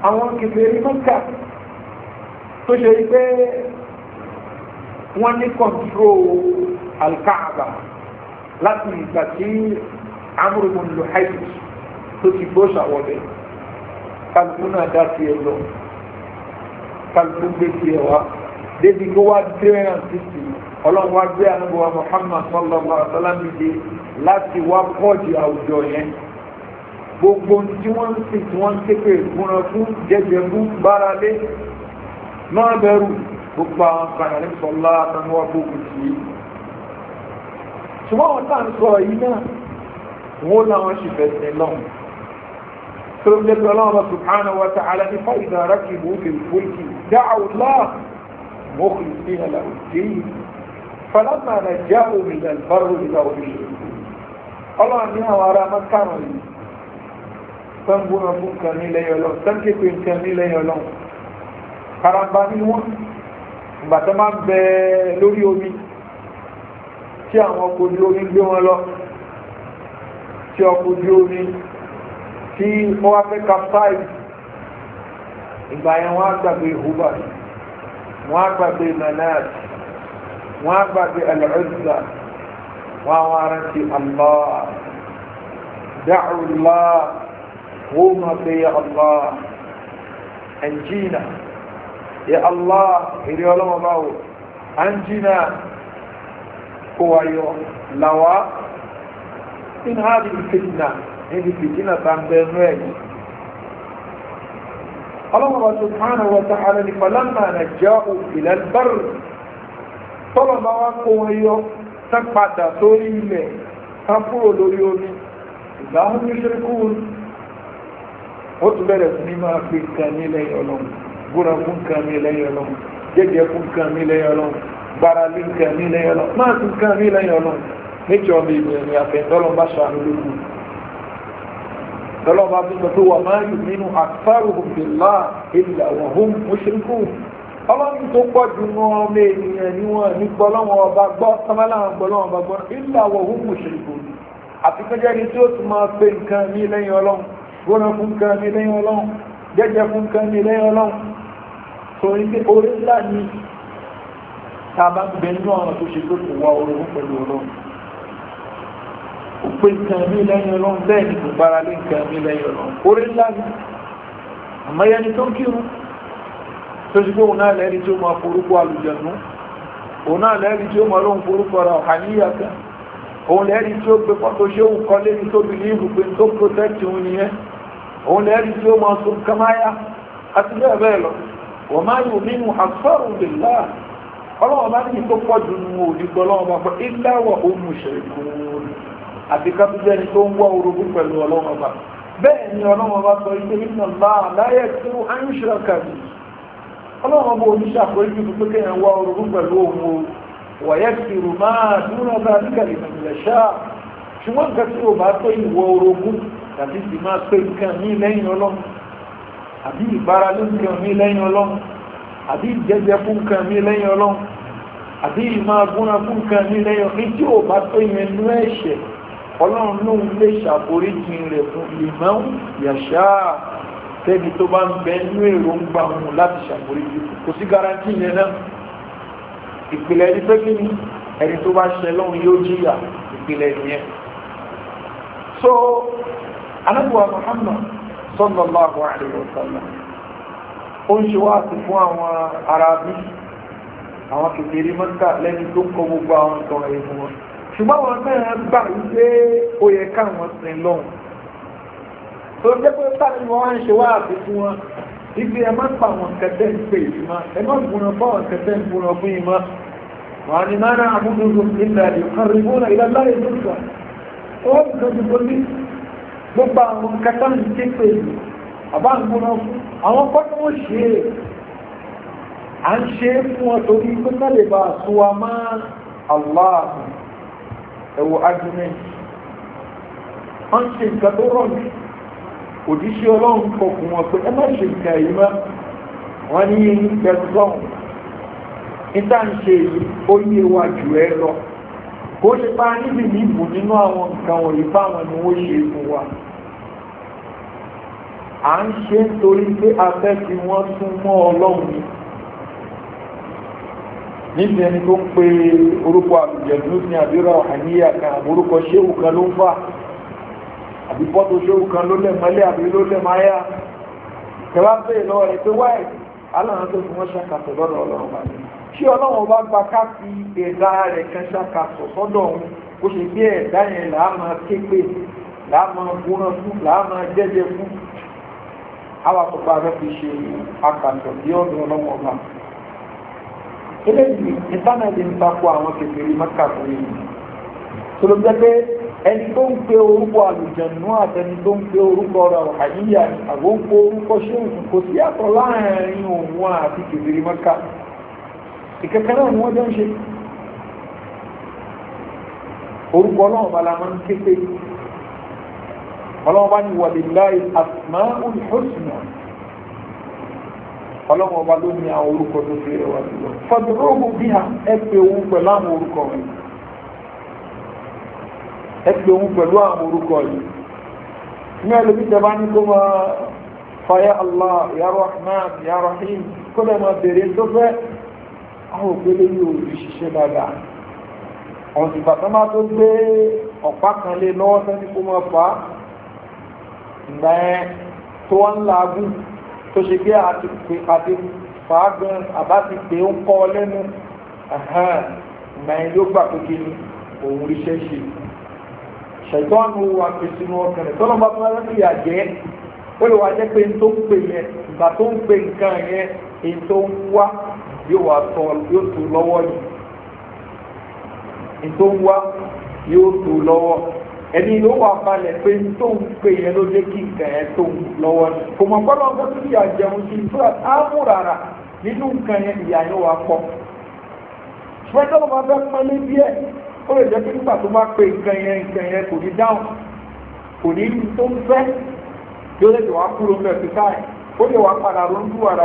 àwọn kìfèrí mọ́kà tó ṣe wípé láti ìgbà tí amúrùmù lò hajj tó ti gbó ṣàwọ̀lẹ̀ kálukú náà dá sí ẹ lọ kálukú gbé sí ẹ wá débi kó wá dé ẹran títì ọlọ́run wá gbé àlùbọ̀wá Muhammad sallallahu alaihi wa sallam dé láti wá pọ́ọ̀jù àwùjọ yẹn gbogbo tí wọ́n ń sìn tí wọ́n ń képe ìfúnra fún jẹjẹ fún gbára lé náà bẹ̀rù gbogbo àwọn kan àlẹ́ sọ̀lá àtàwọn gbogbo tì í ṣùgbọ́n wọn tàn sọ yìí náà wọ́n láwọn ṣì fẹ́ sí lọ́wọ́ tó ń lẹ́gbẹ̀ẹ́ lọ́wọ́ subhanahu wa ta'ala ní fa'idha rakibu fil fulki da'u Allah mukhlisina lahu ad-din falamma najjahum ila al-barri ìlà òṣèlú ọlọ́run ní àwọn ará máa ń lórí omi tí àwọn ọkọ̀ ojú omi gbé wọn lọ tí ọkọ̀ ojú omi tí wọ́n wá fẹ́ capsize ìgbà yẹn wọ́n á gbàgbé hubal wọ́n á manat wọ́n á gbàgbé wọ́n á wá rántí allah da'u wọ́n máa pè é allah anjina ya allah èrè ọlọ́mọba wo anjina kó wa yọ làwa in hadi fitna níbi fìtínà tá ń bẹ nú ẹ̀ yìí ọlọ́mọba subhanahu wa ta'ala ni falamma najja'u ila al-barr tọ́lọ̀bá wá kó wọn yọ tán padà sórí ilẹ̀ tán kúrò lórí omi ìgbàhún ní ṣirkún ó tún bẹ̀rẹ̀ ní máa fi nǹkan fún nǹkan mi lẹ́yìn ọlọ́run jẹ́jẹ́ fún nǹkan mi lẹ́yìn ọlọ́run gbára lé nǹkan mi lẹ́yìn ọlọ́ máa ti nǹkan mi lẹ́yìn ọlọ́ méjì ọmọ ènìyàn ni àfẹ́ntọ́lọ́ bá ṣàánú lókun tọ́lọ́ bá tún sọ pé wà máa yù nínú aktharuhum billah illa wa hum mushrikun ọlọ́run tó pọ̀ jù nù ọmọ ènìyàn ni wọ́n ní gbọ́lọ́wọ́n ọba gbọ́ sọmọláwọn gbọ́lọ́wọ́n ọba gbọ́ illa wa hum mushrikun àti pẹ́jẹ́ ni tí ó tún máa pe nǹkan mi lẹ́yìn ọlọ́run gbóná fún nǹkan mi lẹ́yìn ọlọ́run jẹ́jẹ́ fún nǹkan mi lẹ́yìn ọlọ́run tá a bá ń bẹ nínú àwọn tó ṣe pé kò wá orogún pẹ̀lú ọlọ́run òpin nǹkan mi lẹ́yìn ọlọ́run bẹ́ẹ̀ ni kò gbára lé nǹkan mi lẹ́yìn ọlọ́run orí ńlá ni àmọ́ ẹni tó ń kírun tó ṣe pé òun náà lẹ́ni tí ó máa forúkọ àlùjẹ̀nú òun náà lẹ́ni tí ó máa lóun forúkọ ra ọ̀hàníyà kan òun lẹ́ni tí ó gbé pọ́tò ṣé òun kọ́ lé ní tó bìlíìfù pé tó protect òun nìyẹn òun lẹ́ni tí ó máa sun kamáyà àti bẹ́ẹ̀ bẹ́ẹ̀ lọ wọ́n máa yóò nínú àfẹ́rù bìlá ọlọ́wọ́ bá ní tó pọ̀ jù nù òdìgbọ́ ọlọ́wọ́ bá pọ̀ ìdáwọ̀ ohun ìṣẹ̀lẹ̀kùn àti kápẹ́jẹ́ni tó ń wọ́ orogún pẹ̀lú ọlọ́wọ́ bá bẹ́ẹ̀ ni ọlọ́wọ́ bá sọ ìpé nínú bá láyé tí ó ń ṣìrọ̀kà ní ọlọ́wọ́ bó oníṣẹ́ àforíjì tó pé ń wọ́ orogún pẹ̀lú ohun wọ̀yẹ́ ti rù máa dúró bá níkàlì àbí ìjẹjẹ fún nǹkan mi lẹ́yìn ọlọ́run àbí ìmáa gúnra fún nǹkan mi lẹ́yìn ọlọ́run tí ò bá tó yẹn nú ẹ̀ṣẹ̀ ọlọ́run lóun lè ṣàforíjì rẹ̀ fún ìmọ̀ún yàṣá tẹ́bi tó bá ń bẹ nú èròǹgbà òun láti ṣàforíjì kò sí garanti yẹn náà ìpìlẹ̀ ẹni pé kí ni ẹni tó bá ṣẹ lọ́run yóò jìyà ìpìlẹ̀ nìyẹn so anábùwà Muhammad sallallahu alaihi wa sallam ó ń ṣe wáàsí fún àwọn ará bí àwọn kékeré mọ́ta lẹ́ni tó ń kọ gbogbo àwọn nǹkan ẹ̀yẹ fún wọn ṣùgbọ́n àwọn náà gbà wípé ó yẹ káwọn sin lọ́hùn tó jẹ́ pé sáàbí wọn wá ń ṣe wáàsí fún wọn ibi ẹ̀ máa ń pa àwọn kẹtẹ́ ń pè yìí mọ́ ẹ máa ń gbóná bá àwọn kẹtẹ́ ń gbóná fún yìí mọ́ wọn ni máa ń rán àbúrò nígbà ìkan rí bóra ìlà láyé lóṣù ó ń tọ́jú gbogbo àwọn kẹtẹ́ ń ké pè yìí àbá ń gbóná fún àwọn kọ́ni wọ́n ṣe é à ń ṣe é fún wọn torí pé ká lè bá sún wa má Allah ẹ̀wọ̀ argument wọ́n ṣe nǹkan tó rọ̀ ní òjíṣẹ́ nínú àwọn nǹkan wọ̀nyí fáwọn ni wọ́n ṣe fún wa à ń ṣe nítorí pé afẹ́ tí wọ́n tún mọ́ ọlọ́run ni níbi ẹni tó ń pe orúkọ àbùjẹ̀dú ní àbírà àníyà kan àbúrúkọ ṣéwù kan ló ń fà àbí pọ́tò ṣéwù kan ló lẹ̀ mọ́lẹ̀ àbí ló lẹ̀ máyà kẹwàá bẹ́ẹ̀ lọ ẹ̀ pé wáyé aláwọn tó fi wọ́n ṣàkàtọ̀ lọ́dọ̀ ọlọ́run bá ní ṣé ọlọ́run bá gba ká fi ẹ̀dá rẹ̀ kan ṣàkàtọ̀ sọ́dọ̀ òun kó ṣe bí ẹ̀dá yẹn làá máa ké àwọn àtọ́pá rẹ̀ fi ṣe akàtọ̀ bí ọ̀dọ̀ ọlọ́wọ́ ọba eléyìí ìtànàdì ń takò àwọn kékeré mẹ́ta fún yìí tó ló jẹ́ pé ẹni tó ń pe orúkọ àlùjẹ̀nú àtẹni tó ń pe orúkọ ọ̀rọ̀ àyíyá ni àgbo ń pe orúkọ ṣéun kò sí àtọ̀ láàrin òun àti kékeré mẹ́ta ìkẹ́kẹ́ náà ni ọlọ́wọ́ bá ní wàlíláì àtìmá olùhóṣùnà ọlọ́wọ́ bá ló ní àwọn orúkọ tó fi rẹwà jùlọ fọdùrógùn bí ha ẹ pé òun pẹ̀lú àwọn orúkọ rẹ̀ ẹ pé òun pẹ̀lú àwọn orúkọ yìí ní ẹlòmí jẹba ní kó máa fàyà allah ya rahman ya rahim kó lè máa bèrè tó fẹ́ àwọn òpèlè yìí ò lè ṣiṣẹ́ dáadáa ọ̀sìn bàtà máa tó gbé ọ̀pá kan lé lọ́wọ́ sẹ́ni kó máa fà á ìgbà yẹn tó wọ́n ń lagún tó ṣe pé àti fàágùn àbá ti pè ń kọ́ lẹ́nu ìgbà yẹn ló gbà pé kí ni òun ríṣẹ́ ṣe ṣẹ̀tọ́nù wà pè sínú ọkàn rẹ̀ tọ́lọ́ bá fúnra lọ́sí ìyàjẹ́ ó lè wá jẹ́ pé n tó ń pè yẹn ìgbà tó ń pè nǹkan yẹn èyí tó ń wá yóò wá tọ́ yóò tó lọ́wọ́ yìí èyí tó ń wá yóò tó lọ́wọ́ yìí ẹni ló wà balẹ̀ pé tó ń pè yẹn ló dé kí nǹkan yẹn tó lọ́wọ́ ni kò mọ̀ gbọ́dọ̀ bó ti yà jẹun sí ìfúra áàmù rárá nínú nǹkan yẹn ìyá yóò wá pọ̀ ṣùgbọ́n tó bá fẹ́ pọ́n lé díẹ̀ ó lè jẹ́ pé nígbà tó bá pe nǹkan yẹn nǹkan yẹn kò ní dáhùn kò ní ní tó ń fẹ́ yóò lè wá kúrò ń bẹ̀ fi káyìn ó lè wá padà ronú ah,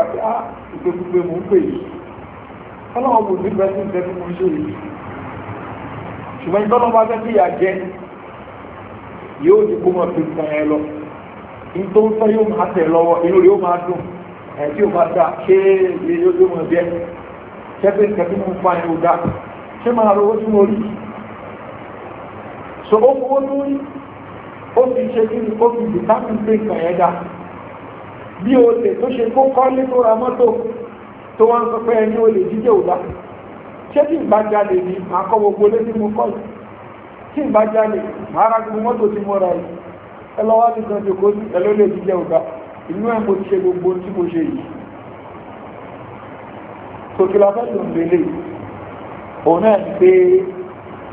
ń pè yìí ọlọ́run kò ní bẹ́ẹ̀ yóò ní kó máa fi nǹkan ẹ lọ ní tó ń fẹ́ yóò máa tẹ̀ lọ́wọ́ inú rẹ̀ yóò máa dùn ẹ̀ tí yóò máa dà ṣé ilé yóò tó máa bẹ́ ṣé pé nǹkan tí mo ń fa ni ò dá ṣé máa rọ owó tí mo rí so ó fowó tó rí ó fi ṣe kí ó fi dìtámì pé nǹkan ẹ̀ dá bí o lè tó ṣe kó kọ́lé tó ra mọ́tò tó wá ń sọ pé ẹni o lè jíjẹ́ ò dá ṣé tí ìgbàjà lè ní àkọ́ gbogbo lé ní mo kọ́ yìí tí n bá jáde máa ra gbogbo mọ́tò tí mo ra yìí ẹlọ́wà ní kan jòkó sí ẹlọ́lẹ̀ jíjẹ ọ̀gá inú ẹ̀ mo ti ṣe gbogbo tí mo ṣe yìí tòkìlá fẹ́ tó ń gbélé òun náà ti pé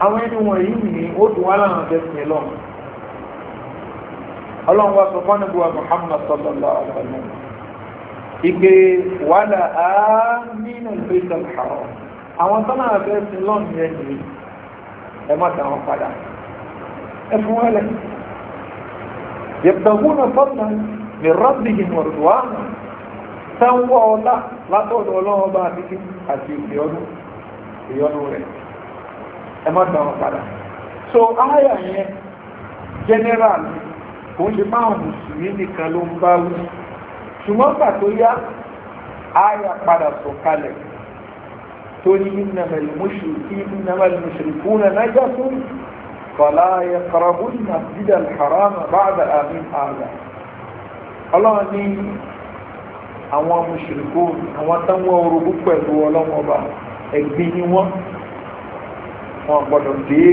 àwọn ẹni wọ̀nyí ní ó dùn wá láwọn ọ̀dẹ́sìn ẹlọ́run ọlọ́run wa sọ fún ẹgbẹ́ muhammad sallallahu alaihi wa sallam ìgbé wàhálà ààmì náà àwọn sọ́nà àbẹ́sìn lọ́nà yẹn nìyí ẹ má tà wọn padà ẹ fún wọn lẹ yabtaguna fadlan min rabbihim wa ridwana táwọn ọlá látọ̀dọ̀ ọlọ́wọ́ bá àti àti ìyọnu ìyọnu rẹ̀ ẹ má tà wọn padà so ááyà yẹn general kò ń ṣe máa mùsùlùmí nìkan ló ń bá wí ṣùgbọ́n pàtó yá ááyà padà sọ̀kalẹ̀ torí ìnàmàlùmùsùlùkúnà nájà fún fàlá yaqrabu al-masjid al-haram ba'da àmì àgbà ọlọ́run ní àwọn mùsùlùkún àwọn táwọn orogún pẹ̀lú ọlọ́mọba ẹ̀gbin ni wọ́n wọn gbọ́dọ̀ dé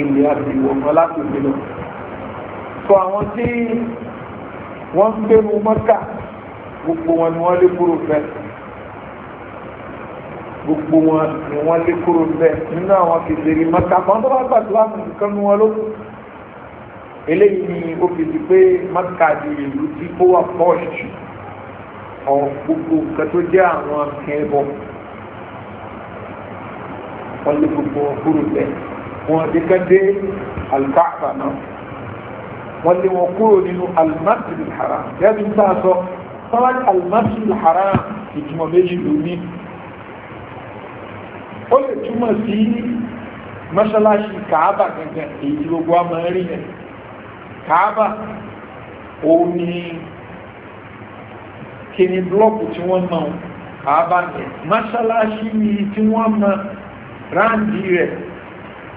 ilé àbíwọ̀ kan láti ìlú sọ àwọn tí wọ́n ń gbé mu mọ́kà gbogbo wọn ni wọ́n lé kúrò fẹ́ẹ́ gbogbo wọn ni wọ́n lé kúrò bẹ́ẹ̀ nínú àwọn kìsìrì mọ́ta kan tó bá gbà tó láti nìkan nu wọn ló eléyìí ni ó fi di pé mọ́ta di ìlú tí ó wà pọ́ọ̀ṣì ọ̀hún gbogbo nǹkan tó jẹ́ àwọn akẹ́bọ̀ wọ́n lé gbogbo wọn kúrò bẹ́ẹ̀ wọ́n ti alùpàpà náà wọ́n lé wọn kúrò nínú alùmásìlì haram yẹ́nì ń a sọ sọ́wọ́n alùmásìlì haram ìtumọ̀ méjì ló ó lè túmọ̀ sí mọ́ṣáláṣí kàábà gangan èyí gbogbo a máa rí yẹn kàábà òun ni kíni blọ́ọ̀kù tí wọ́n mọ̀ ọ́n kàábà yẹn mọ́ṣáláṣí ni tí wọ́n mọ̀ ráǹdì rẹ̀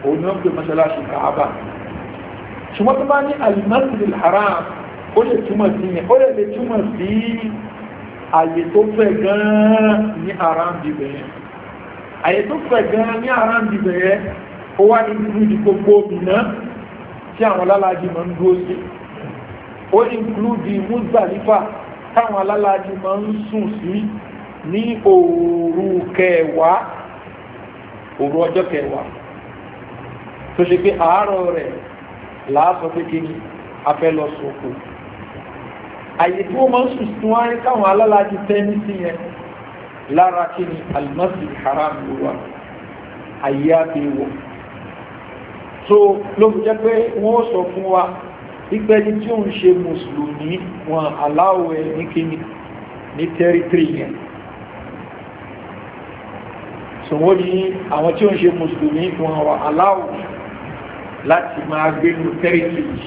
òun ni wọ́n pè mọ́ṣáláṣí kàábà ṣùgbọ́n tó bá ní al haram ó lè túmọ̀ sí yẹn ó lè túmọ̀ sí àyè tó fẹ́ gan-an ní haram bíbẹ̀ yẹn àyè tó pẹ̀ gan ní àrán dìbẹ̀ yẹ ó wá ní dúdú di gbogbo mìíná tí àwọn alálàájì máa ń dúró sí ó ìnkúlùdì múzàlífà táwọn alálàájì máa ń sùn sí ní òru kẹwàá òru ọjọ́ kẹwàá tó ṣe pé àárọ̀ rẹ̀ làásọ pé kí a fẹ́ lọ sọ̀kò àyè tí wọ́n máa ń sùn sí wọn káwọn alálàájì tẹ́ ní sí yẹn lára kí ni almasjid haram ló wà ayé àti ìwọ̀ so ló fi jẹ́ pé wọ́n sọ fún wa wípé ní tí ó ń ṣe mùsùlùmí wọn aláwọ̀ ẹ̀ ní kíni ní tẹ́rítírì yẹn so wọ́n ní àwọn tí ó ń ṣe mùsùlùmí wọn aláwọ̀ láti máa gbé ní tẹ́rítírì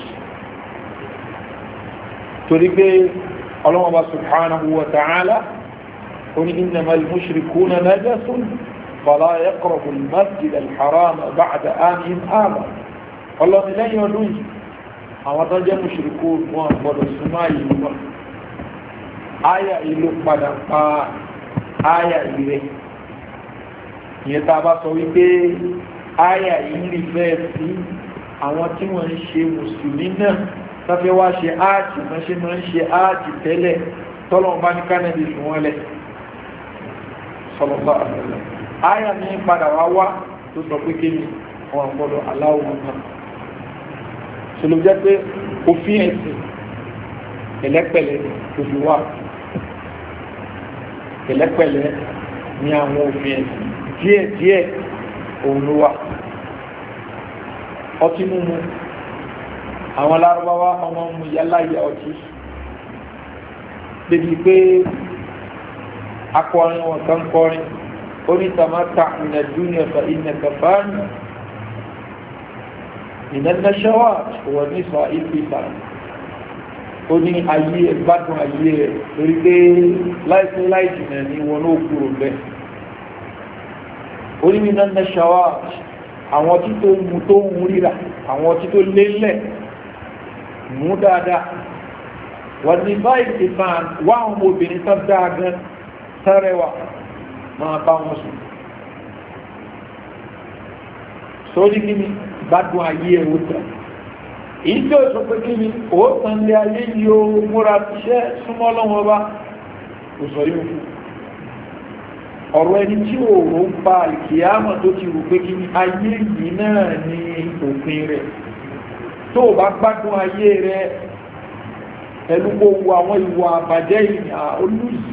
torí pé ọlọ́wọ́n bá subhanahu wa قل إنما المشركون نجس فلا يقرب المسجد الحرام بعد آمهم آمن الله لا يلوي àwọn tó jẹ́ mùsùlùkú wọn gbọdọ̀ súnmọ́ àyè wọn àyà ìlú padà pa àyà ìrẹ́ ìyẹn tá a bá sọ wípé àyà yìí rí bẹ́ẹ̀ sí àwọn tí wọ́n ń ṣe mùsùlùmí náà tọ́fẹ́ wá ṣe áàtì wọ́n ṣe máa ń ṣe áàtì tẹ́lẹ̀ tọ́lọ́mùbáníkánẹ́bì fún wọn lẹ́yìn sọlọ́tọ́ àtẹ̀lẹ́ àyà ní padà wá wá tó sọ pé kéde wọn gbọdọ̀ aláwọ̀ náà ṣòlò jẹ́ pé òfin ẹ̀sìn pẹ̀lẹ́pẹ̀lẹ́ òfin wà pẹ̀lẹ́pẹ̀lẹ́ ní àwọn òfin ẹ̀sìn díẹ̀díẹ̀ òun ló wà ọtí mímu àwọn lárúbáwá ọmọ mu yálà yà ọtí débi pé akọrin wọn kan kọrin ó ní tamata ìnà dúnìyà fa ìnà kàfáàní ìnànà ṣẹ́wà wọ́n ní sọ ìpìta ó ní ayé ẹ̀ gbádùn ayé ẹ̀ torí pé láìpẹ́ láìjìnà ni wọn ó kúrò bẹ́ẹ̀ ó ní ìnànà ṣẹ́wà àwọn tí tó mú tó ń ríra àwọn tí tó lélẹ̀ mú dáadáa wọ́n ní báyìí ti máa wá obìnrin tó dáa gan-an tán rẹwà máa bá wọn sùn sórí kí ni gbádùn ayé ẹ̀wò tán èyí tí ó sọ pé kí ni ó tàn lé ayé yìí ó múra iṣẹ́ súnmọ́ lọ́wọ́ bá kò sọ yóò fún ọ̀rọ̀ ẹni tí òòrò ń pa ìkìyàmọ̀ tó ti rò pé kí ayé yìí náà ní òpin rẹ̀ tó bá gbádùn ayé rẹ̀ pẹ̀lú gbogbo àwọn ìwà àbàjẹ́ ìyà olùsí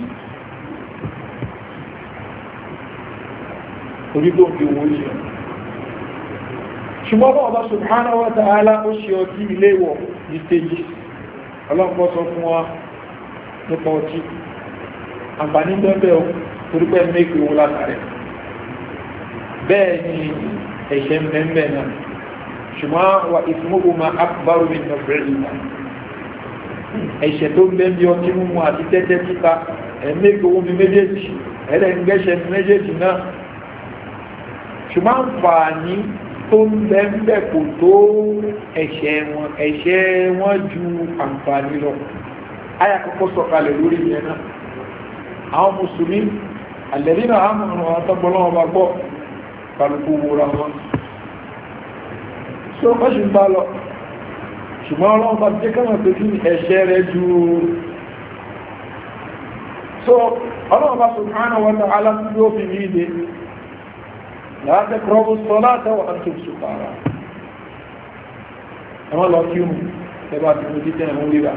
orí tó fi owó ṣe ṣùgbọ́n bọ́ ọba subhanahu wa ta'ala ó ṣe ọtí ilé ìwọ̀ ní stéjì ọlọ́pọ̀ sọ fún wa nípa ọtí àǹfààní bẹ́ẹ̀ o torí pé méèkì owó látàrẹ̀ bẹ́ẹ̀ ni ẹ̀ṣẹ̀ mẹ́mẹ́ náà ṣùgbọ́n wa ìfúnmọ́gbọ́n máa akbaru min naf'ihi ẹ̀ṣẹ̀ tó ń bẹ́ bí ọtí mímu àti tẹ́tẹ́ títa ẹ̀mẹ́kì owó mi méjèèjì ẹ̀rẹ́ ń gẹ́ṣẹ̀ méjèèjì náà ṣùgbọ́n àǹfààní tó ń bẹ ń bẹ kò tó ẹ̀ṣẹ̀ wọn ẹ̀ṣẹ̀ wọn ju àǹfààní lọ ayé àkọ́kọ́ sọ̀kalẹ̀ lórí ìyẹn náà àwọn mùsùlùmí àlẹ́rìnà àmọ̀ràn àwọn tọ́gbọ́lọ́wọ́ bá gbọ́ kálukú wúra wọn tí ó fẹ́ṣù bá lọ ṣùgbọ́n ọlọ́run bá jẹ́ kánà pé kí ẹ̀ṣẹ̀ rẹ̀ ju so ọlọ́run bá sọ̀rọ̀ لا تقربوا الصلاة وأنتم سكارى أما الله كيوم ẹbá ti mú títẹ́ ẹ̀mú rírà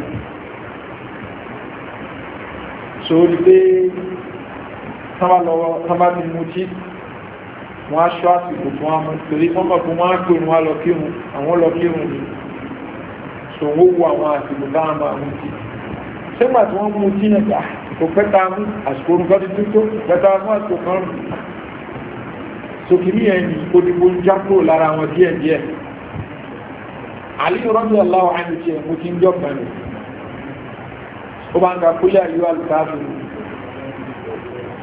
so ó di pé sábà ti mú tí wọ́n á ṣọ́ àsìkò fún wa mú torí wọ́n mọ̀ fún wọ́n á pè wọ́n lọ kírun àwọn lọ kírun ni so wọ́n wo àwọn àsìkò tá a máa mú tí tí wọ́n mú tí kò pẹ́ta mú àsìkò orúkọ tuntun tó pẹ́ta mú kan rù sòkìrí ẹni òdìbò ń já kúrò lára wọn díẹ̀ díẹ̀ àlíyàn rọ́bì aláwọ̀ àmì tiẹ̀ mo ti ń jọ pẹ̀lú ó bá ń ka kúlẹ̀ ayé alùkáàbù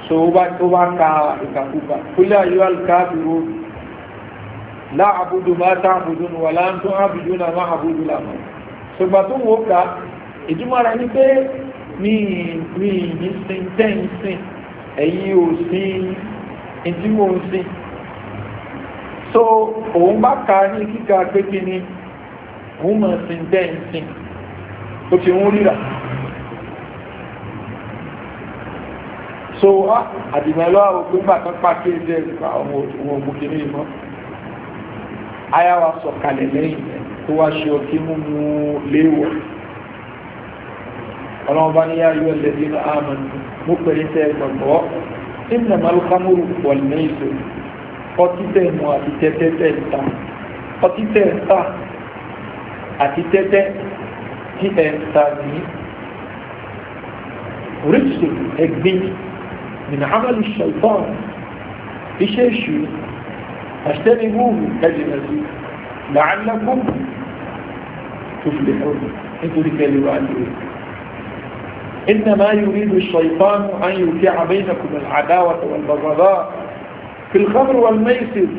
so ó bá ka ìkàkùkà kúlẹ̀ ayé alùkáàbù láàbùdù máa tá àbùdù nù wà láńtún àbùdù náà má àbùdù làmọ́ ṣùgbọ́n tó ń wò ká ìdúmọ̀ rẹ̀ ni pé mi mi ní sin tẹ́ǹsìn ẹ̀yin ò sin ìdí mò ń sin so òun bá ka ní kíkà pé kí ni òun mọ̀ sí dẹ́ǹsìn ti ń ríra so àdìmọ̀lọ́ ògbóngbà kan pàkí ẹ̀jẹ̀ nípa àwọn ògbókè ní ìmọ̀ aya wa sọ̀kalẹ̀ lẹ́yìn tó wá ṣe ọtí múmu léwọ̀ ọlọ́run bá ní yá yọ ẹlẹ́dínú mú pẹ̀lú tẹ́ ẹgbọ̀gbọ́ ìmọ̀ màlúkàmúrù pọ̀ ọtí tẹ̀ mú àti tẹ́tẹ́ tẹ̀ ń ta ọtí tẹ̀ ń ta àti tẹ́tẹ́ tí ẹ̀ ń ta ní oríṣi ẹ̀gbin nínú amẹ́lú ṣẹ̀tọ́n iṣẹ́ ìṣù àṣẹ́ni múùmù ẹ̀jìnà sí làálẹ́kùn tó fi lè ọ̀rọ̀ nítorí kẹlẹ́ wà lórí إنما يريد الشيطان أن يوقع بينكم العداوة والبغضاء filhamru almeisir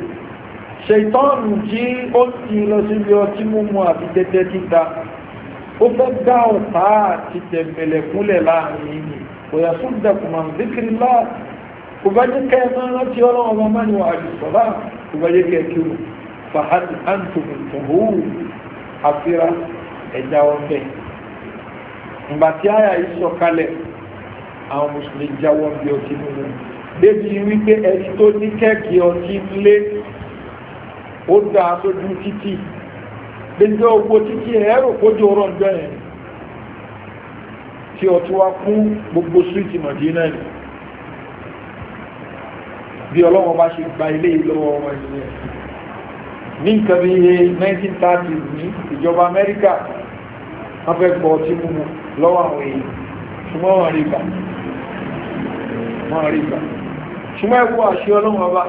ṣeitọ́nù tí ó ti lọ síbi ọtí múmu àti tẹ́tẹ́ títa ó fẹ́ dá ọ̀tá àti tẹ̀m̀bẹ̀lẹ̀ kúnlẹ̀ láàrin yìí kò yà sún dẹkùnmọ̀ zikiri láà kò bá jẹ́ kẹ́ ẹ máa rántí ọlọ́run ọmọ mẹ́rin wà àdìsọ́lá kò bá jẹ́ kẹ́ ẹ kírun fàhálì àǹtòmù tòhóòrù àfíra ẹ̀dá ọ̀fẹ́ ìgbà tí àyà yìí sọ kalẹ̀ àwọn mùsùlùmí jáwọ́ bí ọtí múmu débi wípé ẹni tó ní kẹ́ẹ̀kì ọtí lé ó dá sójú títì débi owó títì ẹ̀rọ kójú ọrọ̀ ń bẹ̀rẹ̀ tí ọtí wá kún gbogbo súwìtì mọ̀dínà ni bí ọlọ́wọ́ bá ṣe gba ilé ìlọ́wọ́ wọn ìyẹn ní nǹkan bí i 1930s ní ìjọba amẹ́ríkà wọ́n fẹ́ gbọ́ ọtí mímu lọ́wọ́ àwọn èèyàn ṣùgbọ́n wọ́n rí gbà wọ́n rí gbà ṣùgbọ́n ẹ̀kọ́ àṣẹ ọlọ́run ọba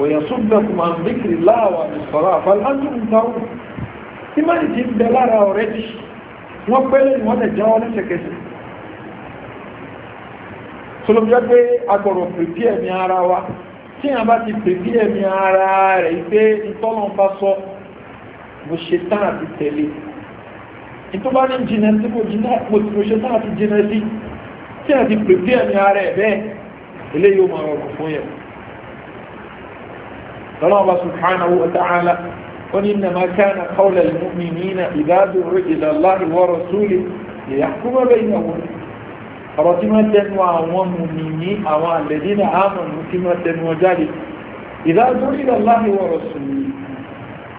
ويصدكم عن ذكر الله وعن الصلاة فالأنتم تعون إما يجيب دلارة أوريتش وقبل ولا جاوة لسكسة sọlọ́m jẹ́ pé agbọ̀rọ̀ pèpí ẹ̀mí ara wa tí a bá ti pèpí ẹ̀mí ara rẹ̀ pé ìtọ́lọ́n bá sọ mo ṣe tán àti tẹ̀lé ilé yóò máa rọrùn fún yẹn lọ́wọ́ bá subhanahu wa ta'ala wọ́n ní nàmá kánà kọ́lẹ̀ lùmìnira ìdádúró ìlàlá ìwọ́rọ̀ súlì ìyàkúmọ́ bẹ́ẹ̀ yàwó ọ̀rọ̀ tí wọ́n tẹnu àwọn mùmìnì àwọn àlẹ́dínà àmọ̀nù tí wọ́n tẹnu wọn jáde ìdádúró ìlàlá ìwọ́rọ̀ súlì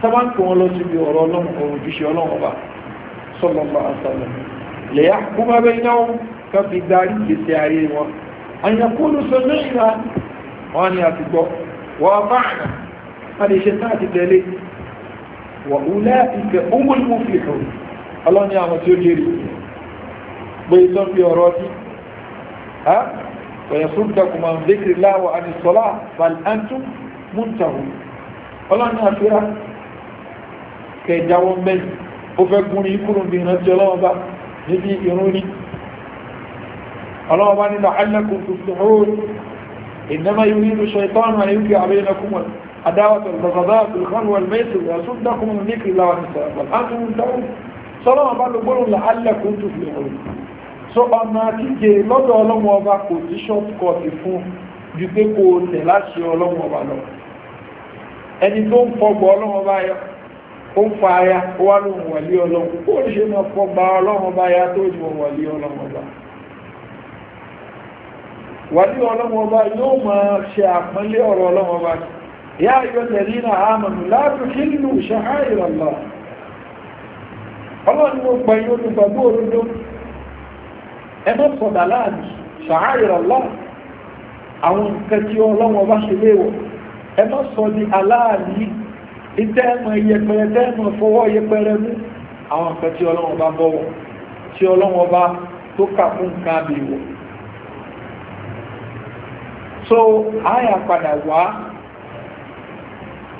sábàǹkì wọn lọ síbi ọ̀rọ̀ ọ̀rọ̀ ọlọ́run ọba an yakulu sami'na wọ́n ni a ti gbọ́ wọ́n fa'na a lè ṣe táà ti tẹ̀lé wà úlẹ́ ìfẹ́ umul muflihun ọlọ́ni àwọn tí ó jẹ́rì pé tó fi ọ̀rọ̀ sí ha wọ̀nyẹ̀ fúnta kùmà ń dékìrì láwọ̀ àti sọ́lá bal'antu múntàwù ọlọ́ni àfíra kẹjáwọ́ mẹ́rin ó fẹ́ kúrin kúrùn bí ìrántí ọlọ́wọ́ bá níbi ìrún ní ọlọ́wọ́ bá nílò alákùn tuflihun innama الشيطان shaytan an بينكم bainakum العداوة والبغضاء في الخمر والميسر ويصدكم من ذكر الله والنساء بل أنتم منتهون صلى الله عليه وسلم لعلكم تفلحون so ọ̀nà àtijé lọ́dọ̀ ọlọ́mọ ọba kò sí ṣọ́pùkọ̀tì fún ju pé kò tẹ̀ láti ọlọ́mọ ọba lọ ẹni tó ń fọgbọ ọlọ́mọ ọba yá ó ń fa aya ó wá lóhun wàlí ọlọ́mọ ó lè ṣe máa fọgbà ọlọ́mọ ọba yá tó ìwọ̀n wàlí ọlọ́mọ ọba wàlí ọlọ́wọ́ bá yóò máa ṣe àpọ́nlé ọ̀rọ̀ ọlọ́wọ́ bá yá ayọ́ tẹ̀lé náà àmàmù láàrù hìlù ṣàhàìrànlá ọlọ́ni mo pẹ̀ yóò ní gbàgbó ọlọ́wọ́ ìtẹ́ẹ̀mọ̀ iyẹpẹrẹ tẹ́ẹ̀mọ̀ fọwọ́ iyẹpẹrẹ mú àwọn nǹkan tí ọlọ́wọ́ bá bọ̀wọ̀ tí ọlọ́wọ́ bá tó kà fún nǹkan àbẹ̀wọ̀ so àyà padà wá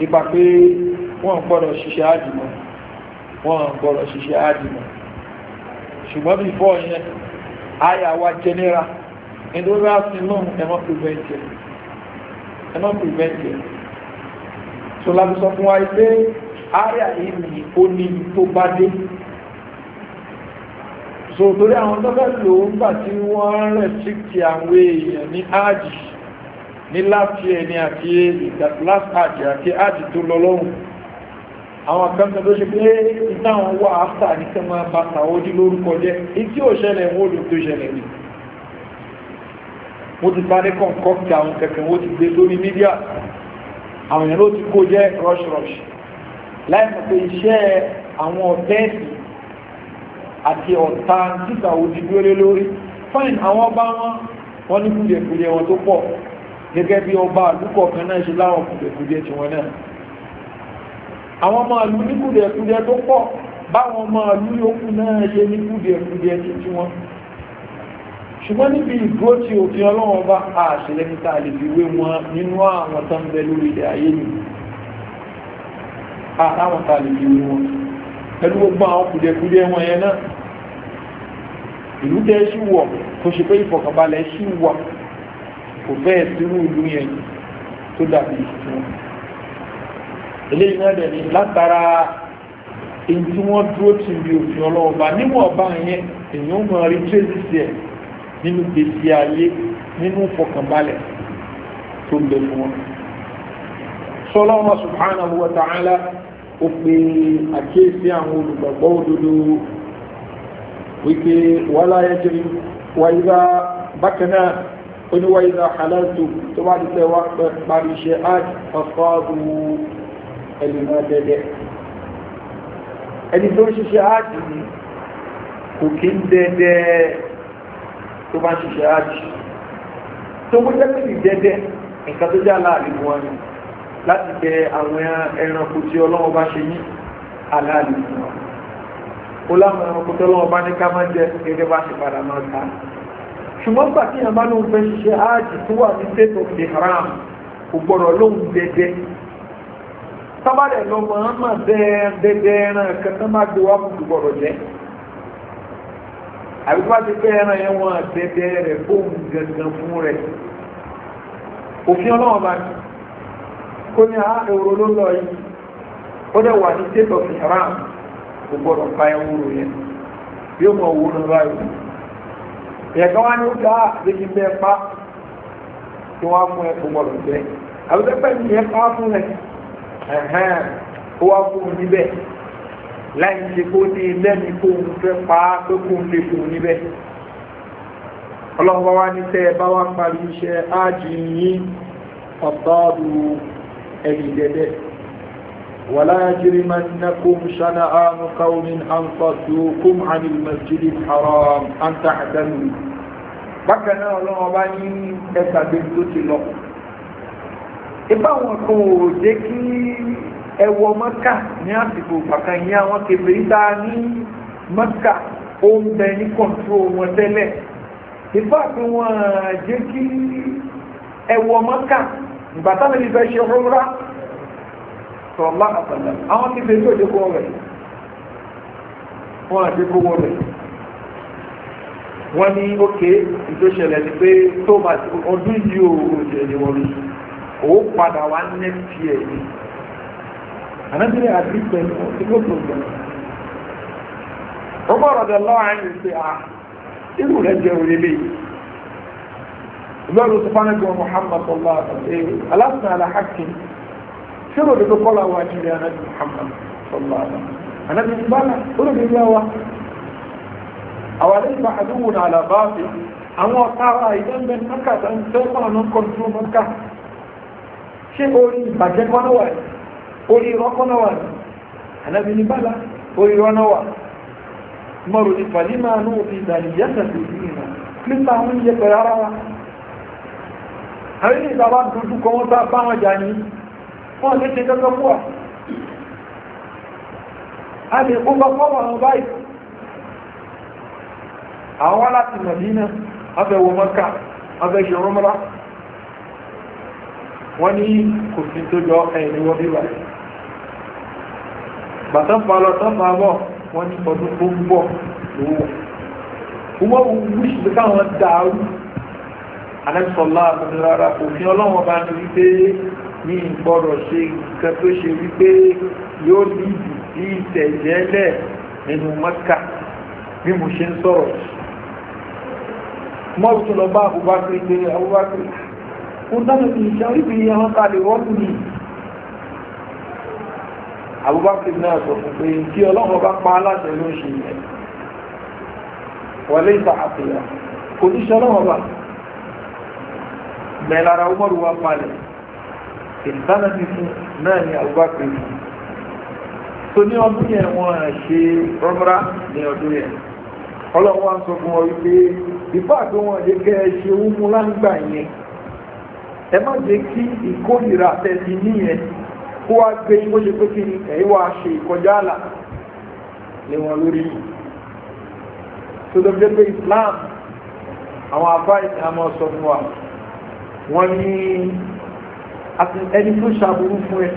ìgbà pé wọ́n gbọ́dọ̀ ṣiṣẹ́ àdìmọ̀ wọ́n gbọ́dọ̀ ṣiṣẹ́ àdìmọ̀ ṣùgbọ́n bí fọ́ yẹn àyà wa general nítorí àti náà ẹ̀mọ́ prevent ẹ̀ ẹ̀mọ́ prevent ẹ̀ so láti sọ fún wa pé àyà yìí ni ó ní tó bá dé so torí àwọn tó fẹ́ lò ó ń gbà tí wọ́n rẹ̀ sí ti àwọn èèyàn ní áàjì ní láti ẹni àti ìdàtìláṣàjì àti ájì tó lọ lọ́hùn àwọn akẹ́kọ̀ọ́ tó ṣe pé ìtàwọn wà áfà ní kí wọ́n bá sàwọ́dí lórúkọ jẹ́ ìtí ò ṣẹlẹ̀ wọ́n ló tó ṣẹlẹ̀ ní mo ti bá ní kọ̀ǹkọ́kì àwọn kẹ̀kẹ́ wọ́n ti gbé lórí mídíà àwọn èèyàn ti kó jẹ́ rush rush láì mọ̀ pé iṣẹ́ àwọn ọ̀tẹ́ẹ̀sì àti ọ̀tá títà òdìdúró lórí fine àwọn ọba wọn wọn ní kúlẹ̀kúlẹ̀ wọn tó pọ̀ gẹ́gẹ́ bí ọba àdúkọ̀ kan náà ṣe láwọn kùdẹ̀kùdẹ̀ tí wọ́n náà àwọn ọmọ àlú ní kùdẹ̀kùdẹ̀ tó pọ̀ báwọn ọmọ àlú yòókù náà ṣe ní kùdẹ̀kùdẹ̀ tí wọ́n ṣùgbọ́n níbi ìgbó tí òfin ọlọ́wọ́n bá àṣẹlẹ̀ níta lè fi wé wọn nínú àwọn tó bẹ lórí ilẹ̀ ayé nì àtàwọn ta lè fi wé wọn pẹ̀lú gbogbo àwọn kùdẹ̀kùdẹ̀ wọn yẹn náà ìlú tẹ́ sí wọ̀ tó ṣe pé ìfọ̀kànbalẹ̀ sí wọ̀ kò fẹ́ẹ̀ sírú ìlú yẹn tó dàbí ìṣúná eléyìí náà dẹ̀ látara èyí tí wọ́n dúró tì bí òfin ọlọ́run níwọ̀n ọba yẹn èyí ó rí tírèsì ẹ̀ nínú gbèsè ayé nínú ìfọkànbalẹ̀ tó lè fún wọn. sọlọ́wọ́n subhanahu wa ta'ala ó pe àkíyèsí àwọn olùgbàgbọ́ òdodo wípé wàhálà ẹ̀jẹ̀ wáyé bá bákan náà oníwà ìlà àlàtò tó bá dìtẹ̀ wá parí iṣẹ́ art ọ̀fọ́ọ̀dù ẹlùmọ̀ dẹ̀dẹ̀ ẹni tó ń ṣiṣẹ́ art ni kò kí ń dẹ̀dẹ̀ tó bá ń ṣiṣẹ́ art tó mú jẹ́ pé dẹ̀dẹ̀ nǹkan tó já láàrin wọn láti bẹ àwọn ẹranko tí ọlọ́wọ́ bá ṣe ní aláàrin wọn ó láwọn ẹranko tó lọ́wọ́ bá ní ká máa jẹ gẹ́gẹ́ bá ṣe padà máa ta ṣùgbọ́n gbà tí yàn bá lóun fẹ́ ṣiṣẹ́ áàjì tó wà ní state of the haram kò gbọ́dọ̀ lóun dẹdẹ sábàdẹ̀ lọ mọ̀ọ́mà dẹdẹ ẹran kan tó má gbé wá mú kò gbọ́dọ̀ jẹ́ àbí wá ti fẹ́ ẹran yẹn wọn dẹdẹ rẹ̀ fóun gangan fún rẹ̀ òfin ọlọ́wọ́n bá ní kó ní àá ah, èrò ló lọ yìí ó dẹ̀ wà ní state of the pa ẹ̀wọ̀n yẹn yóò mọ̀ owó báyìí ẹ̀kan wá ní ó dáa lẹ́yìn bẹ́ẹ̀ pa tí wọ́n á mú ẹ gbogbo ọ̀rọ̀ jẹ́ àbúrẹ́pẹ́ ni ẹ pa fún ẹ ẹ̀hẹ́n ó wá fún un níbẹ̀ láì ṣe kó ní lẹ́ni kó ń fẹ́ pa á kó ń lè fún un níbẹ̀ ọlọ́run bá wá ní tẹ́ bá wá parí iṣẹ́ ájì yín ọ̀tọ́ọ̀dù ẹ̀yìn dẹ́dẹ́ ولا يجرمنكم شنآن قوم أن صدوكم عن المسجد الحرام أن تعتدوا bákan náà ọlọ́run ọba ní ẹgbàgbé tó ti lọ ipa wọn kan ò jẹ́ kí ẹwọ mọ́kà ní àsìkò pàkan yìí ní mọ́kà wọn tẹ́lẹ̀ ipa tí wọ́n jẹ́ kí ẹwọ mọ́kà ìgbà táwọn ibi fẹ́ ṣe rúra sọ̀rọ̀lá àpàdà àwọn ti fẹ́ tí ò dé kó rẹ̀ wọ́n àti kó wọ́n rẹ̀ wọ́n ní ókè ìtòṣẹlẹ̀ ni pé tó bá ọdún yìí ò òjò ni wọ́n rí ó padà wá ní ẹ̀fì ẹ̀ ní ànábìrì àti pẹ̀lú ìlú òkè ọmọ ọ̀rọ̀dẹ̀ lọ́wọ́ àyìn pé ṣé lòdì tó kọ́lá wa ní ilé anábì Muhammad sallallahu alaihi wasallam anábì ní bala ó lòdì ní àwa àwa lè gba àdúgbò náà àlàbáàfin àwọn ọ̀tá ara ìdánbẹ̀ mẹ́kà tó ń tẹ́ fún àwọn kọ́ńtúrú mẹ́kà ṣé orí ìbàjẹ́ kan náà wà ní orí wọ́n lè ṣe kankan fún wa a lè kó bá fọ́ọ̀mù àwọn báyìí àwọn wá láti Màdínà afẹ́wò mọ́ká afẹ́ṣe rọ́mọ́lá wọ́n ní kò sí tó jọ ẹ̀yìn wọ́n bí wáyé bàtán palọ̀ tán máa bọ̀ wọ́n ní ọdún tó ń bọ̀ lówó wọ́n wíṣì pé káwọn dàrú anẹ́sọ̀lá àbúrárá òfin ọlọ́wọ́n bá ní wípé ní ìgbọ́dọ̀ ṣe nǹkan tó ṣe wípé yóò níbi sí ìtẹ̀jẹ́lẹ̀ nínú mọ́kà bí mo ṣe ń sọ̀rọ̀ mọ́rù tó lọ bá Abubakar pé Abubakar fún dáná ní ìṣàrí bí àwọn kalẹ̀ rọ́pù ni Abubakar náà sọ fún pé kí ọlọ́run bá pa aláṣẹ ló ń ṣe yẹn wọlé ìta àfihàn kò ní ṣe ọlọ́run bá mẹ́lára Umaru wa palẹ̀ ìbáná fífún náà ni Abubakar fún so ní ọdún yẹn wọ́n ṣe rọmọra ní ọdún yẹn ọlọ́wọ́ wa ń sọ fún ọ wípé ìfọ́ àti wọn lè kẹ́ ẹ ṣe wúmú láńgbà yẹn ẹ má jẹ́ kí ìkórìíra tẹ̀sí níyẹn kó wá gbé bó ṣe pé kí ẹ̀yin wá ṣe ìkọjá àlà lé wọn lórí yìí tó ló pé Islam àwọn afáìsì àmọ́ sọ fún wa wọ́n ní àti ẹni tó ṣàbúrú fún ẹ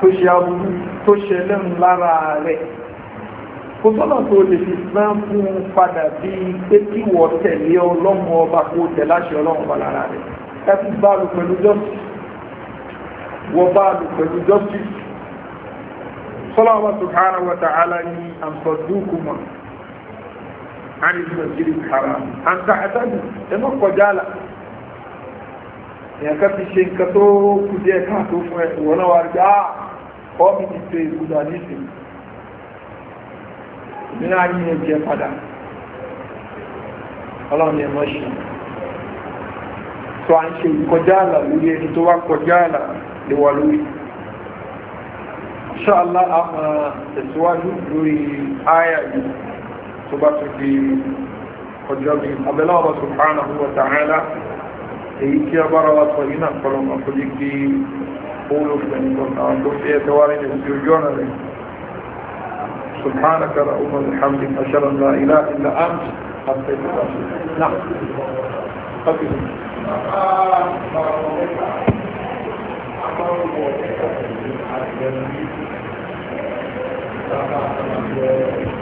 tó ṣe aburú tó ṣe lẹ́nu lára rẹ̀ kò sọ́nà tó lè fi Islam fún padà bí pé kí wọ́n tẹ̀lé ọlọ́mọ ọba kó tẹ̀ láṣẹ ọlọ́mọ ọba lára rẹ̀ ẹ fi bá lù pẹ̀lú justice wọ́n bá lù pẹ̀lú justice sọ́nà ọba subhanahu wa ta'ala ni àǹfọ̀dúnkùmọ̀ àni ìgbàgírí kàrà àǹtàkàtàdù ẹ má kọjá là èèyàn kan ti ṣe nǹkan tó kù díẹ̀ káàtó fún ẹ ìwọ náà wà rí á ah, ọ́ mi ti ṣe ìgbúdà nísìnyí mi náà yí ẹ jẹ padà ọlọ́run ni ẹ tó à ń ṣe ìkọjá àlà lórí ẹni tó wá kọjá àlà lè wa ta'ala آه، إيه سبحانك رأوما الحمد اشرا لا اله الا انت حتى يتقاسل نعم قفل Thank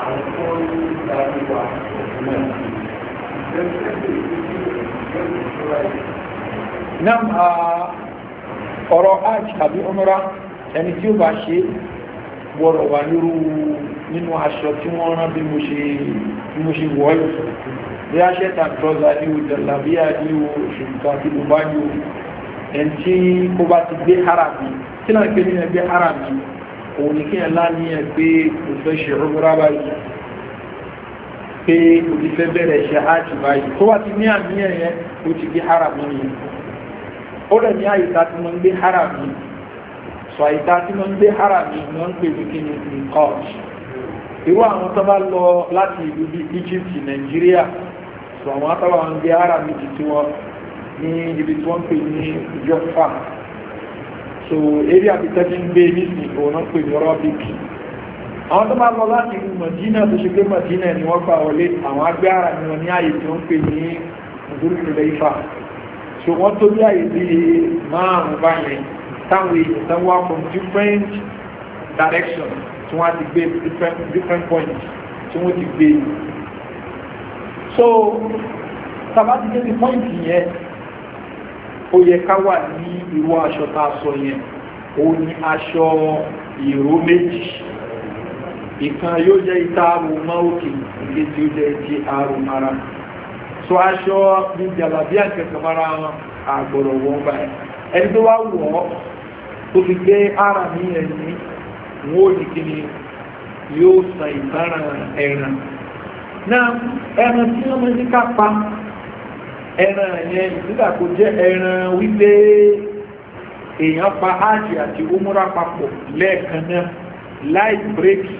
àwọn tó ń darí wa ọ̀sán náà ọ̀rọ̀ hajj tàbí ọmọra ẹni tí ó bá ṣe wọ̀rọ̀ wà lóru nínú aṣọ tí wọ́n rán bí mo ṣe wọ́ ẹ̀ bí a ṣe tàbíọ́zà ní òjòlá bí a ní tí mo bá ní ẹni tí kó bá ti gbé harabi òun ní kí ẹ láníyàn pé kò fẹ́ ṣe rúmúrá báyìí pé kò ní fẹ́ bẹ̀rẹ̀ ṣe áàtì báyìí tó wá ti ní àníyàn yẹn ó ti gbé haram nìyẹn ó rẹ̀ ní àyíká tí wọ́n ń gbé haram yìí sọ àyíká tí wọ́n ń gbé haram yìí wọ́n ń pè ní kí nǹkan irú àwọn tó bá lọ láti ìlú bíi Egypt Nàìjíríà sọ àwọn àtàwọn gbé haram yìí tí wọ́n ní ibi tí wọ́n pè ní ìjọ so eré àbítẹ́jú ń gbé nísìn òun náà pè ní rọ́bìk àwọn tó máa lọ láti ìlú mọ̀dínà tó ṣe pé mọ̀dínà ni wọ́n gbà wọlé àwọn agbé ara ni wọ́n ní ààyè tí wọ́n pè ní ìdúrúkúlẹ̀ ifá so wọ́n tó bí ààyè bí márùn-ún báyẹn táwọn èèyàn tán wá from different directions tí wọ́n ti gbé different different points tí wọ́n ti gbé so tàbá ti dé yẹn ó yẹ ká wà ní irú aṣọ tá a sọ yẹn òun ni aṣọ ìró méjì ìkan yóò jẹ́ ìta àrùn mọ́ òkè ilé tí ó jẹ́ ti àrùn ara so aṣọ ní jàlábí àkẹ́kọ̀ọ́ra wọn àgbọ̀rọ̀ wọn báyìí ẹni tó wá wọ̀ ọ́ tó fi gbé ara mi ẹni wọ́n ò ní kí ni yóò san ìtara ẹran náà ẹran tí wọ́n ní ká pa ẹran yẹn nígbà kò jẹ́ ẹran wípé èèyàn pa ájì àti umura papọ̀ lẹ́ẹ̀kan náà light bírèkì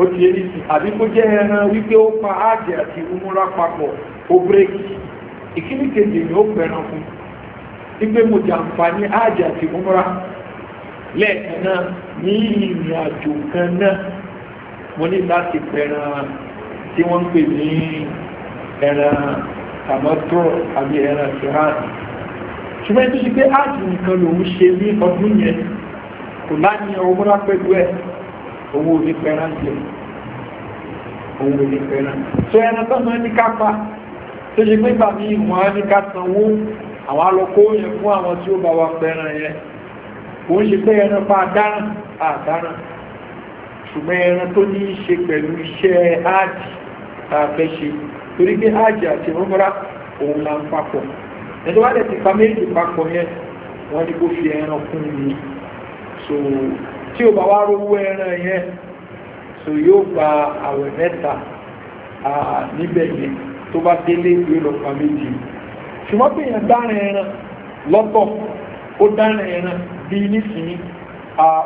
ó ti yé nìsín àbí kó jẹ́ ẹran wípé ó pa ájì àti umura papọ̀ ó bírèkì ìkíní kejì ni ó pẹ̀ràn fún wípé mo jàǹfààní ájì àti umura lẹ́ẹ̀kan náà ní ìrìn àjò kan náà mo ní láti pẹ̀ràn tí wọ́n ń pè ní ẹran tàbátọ́ àbí ẹran ìran ṣùgbọ́n tó ṣe pé áàjì nìkan lòun ṣe ní ọdún yẹn kò láàyè ọmọdá pẹ̀lú ẹ̀ owó ní pẹ̀rán jẹ owó ní pẹ̀rán tó ẹran tó máa ní kápá tó ṣe pé bàmí ìwọ̀n á ní ká sanwó àwọn alọ́kó yẹn fún àwọn tí ó bá wa pẹ̀rán yẹn kò ń ṣe pé ẹran pa dáràn àdáràn ṣùgbọ́n ẹran tó ní í ṣe pẹ̀lú iṣẹ́ áàjì tá a fẹ́ ṣe torí pé ájì àti rúmúra òun là ń papọ̀ ẹni wá lẹ̀ ti pa méjì papọ̀ yẹn wọ́n ní kó fi ẹran kún ni so tí o bá wá rówó ẹran yẹn so yóò gba àwẹ̀ mẹ́ta níbẹ̀ yẹn tó bá délé yóò lọ pa méjì ṣùgbọ́n pé yẹn dárin ẹran lọ́tọ̀ ó dárin ẹran bí nísìnyí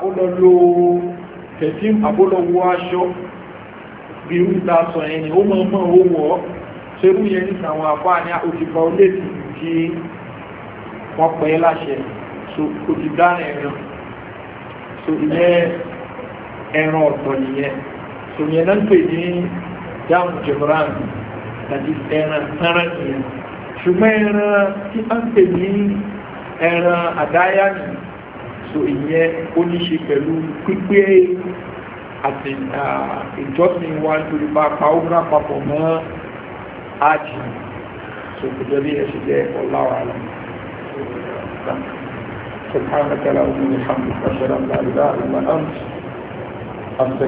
ó lọ lo tẹ̀sí àbólọ́wọ́ aṣọ bí irú ta sọ yẹn ni ó mọ̀ mọ́ owó ọ́ ṣe irú yẹn nípa àwọn àpá ní òṣìkọ oléètì tí wọ́n pẹ́ láṣẹ kò ti dáná ẹran so ìyẹn ẹran ọ̀tọ̀ nìyẹn so ìyẹn náà ń pè ní dáhùn jẹ̀mọ́ràn àti ẹran ẹran nìyẹn ṣùgbọ́n a ń pè ní ẹran àdáyà nìyẹn so ìyẹn ó ní ṣe pẹ̀lú pípé àti ìjọsìn wa nítorí bá pa ó gbà papọ̀ mọ́ ájì tó kò jẹ́ bí ẹ ṣe jẹ́ ọláwà lọ سبحانك اللهم وبحمدك اشهد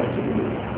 ان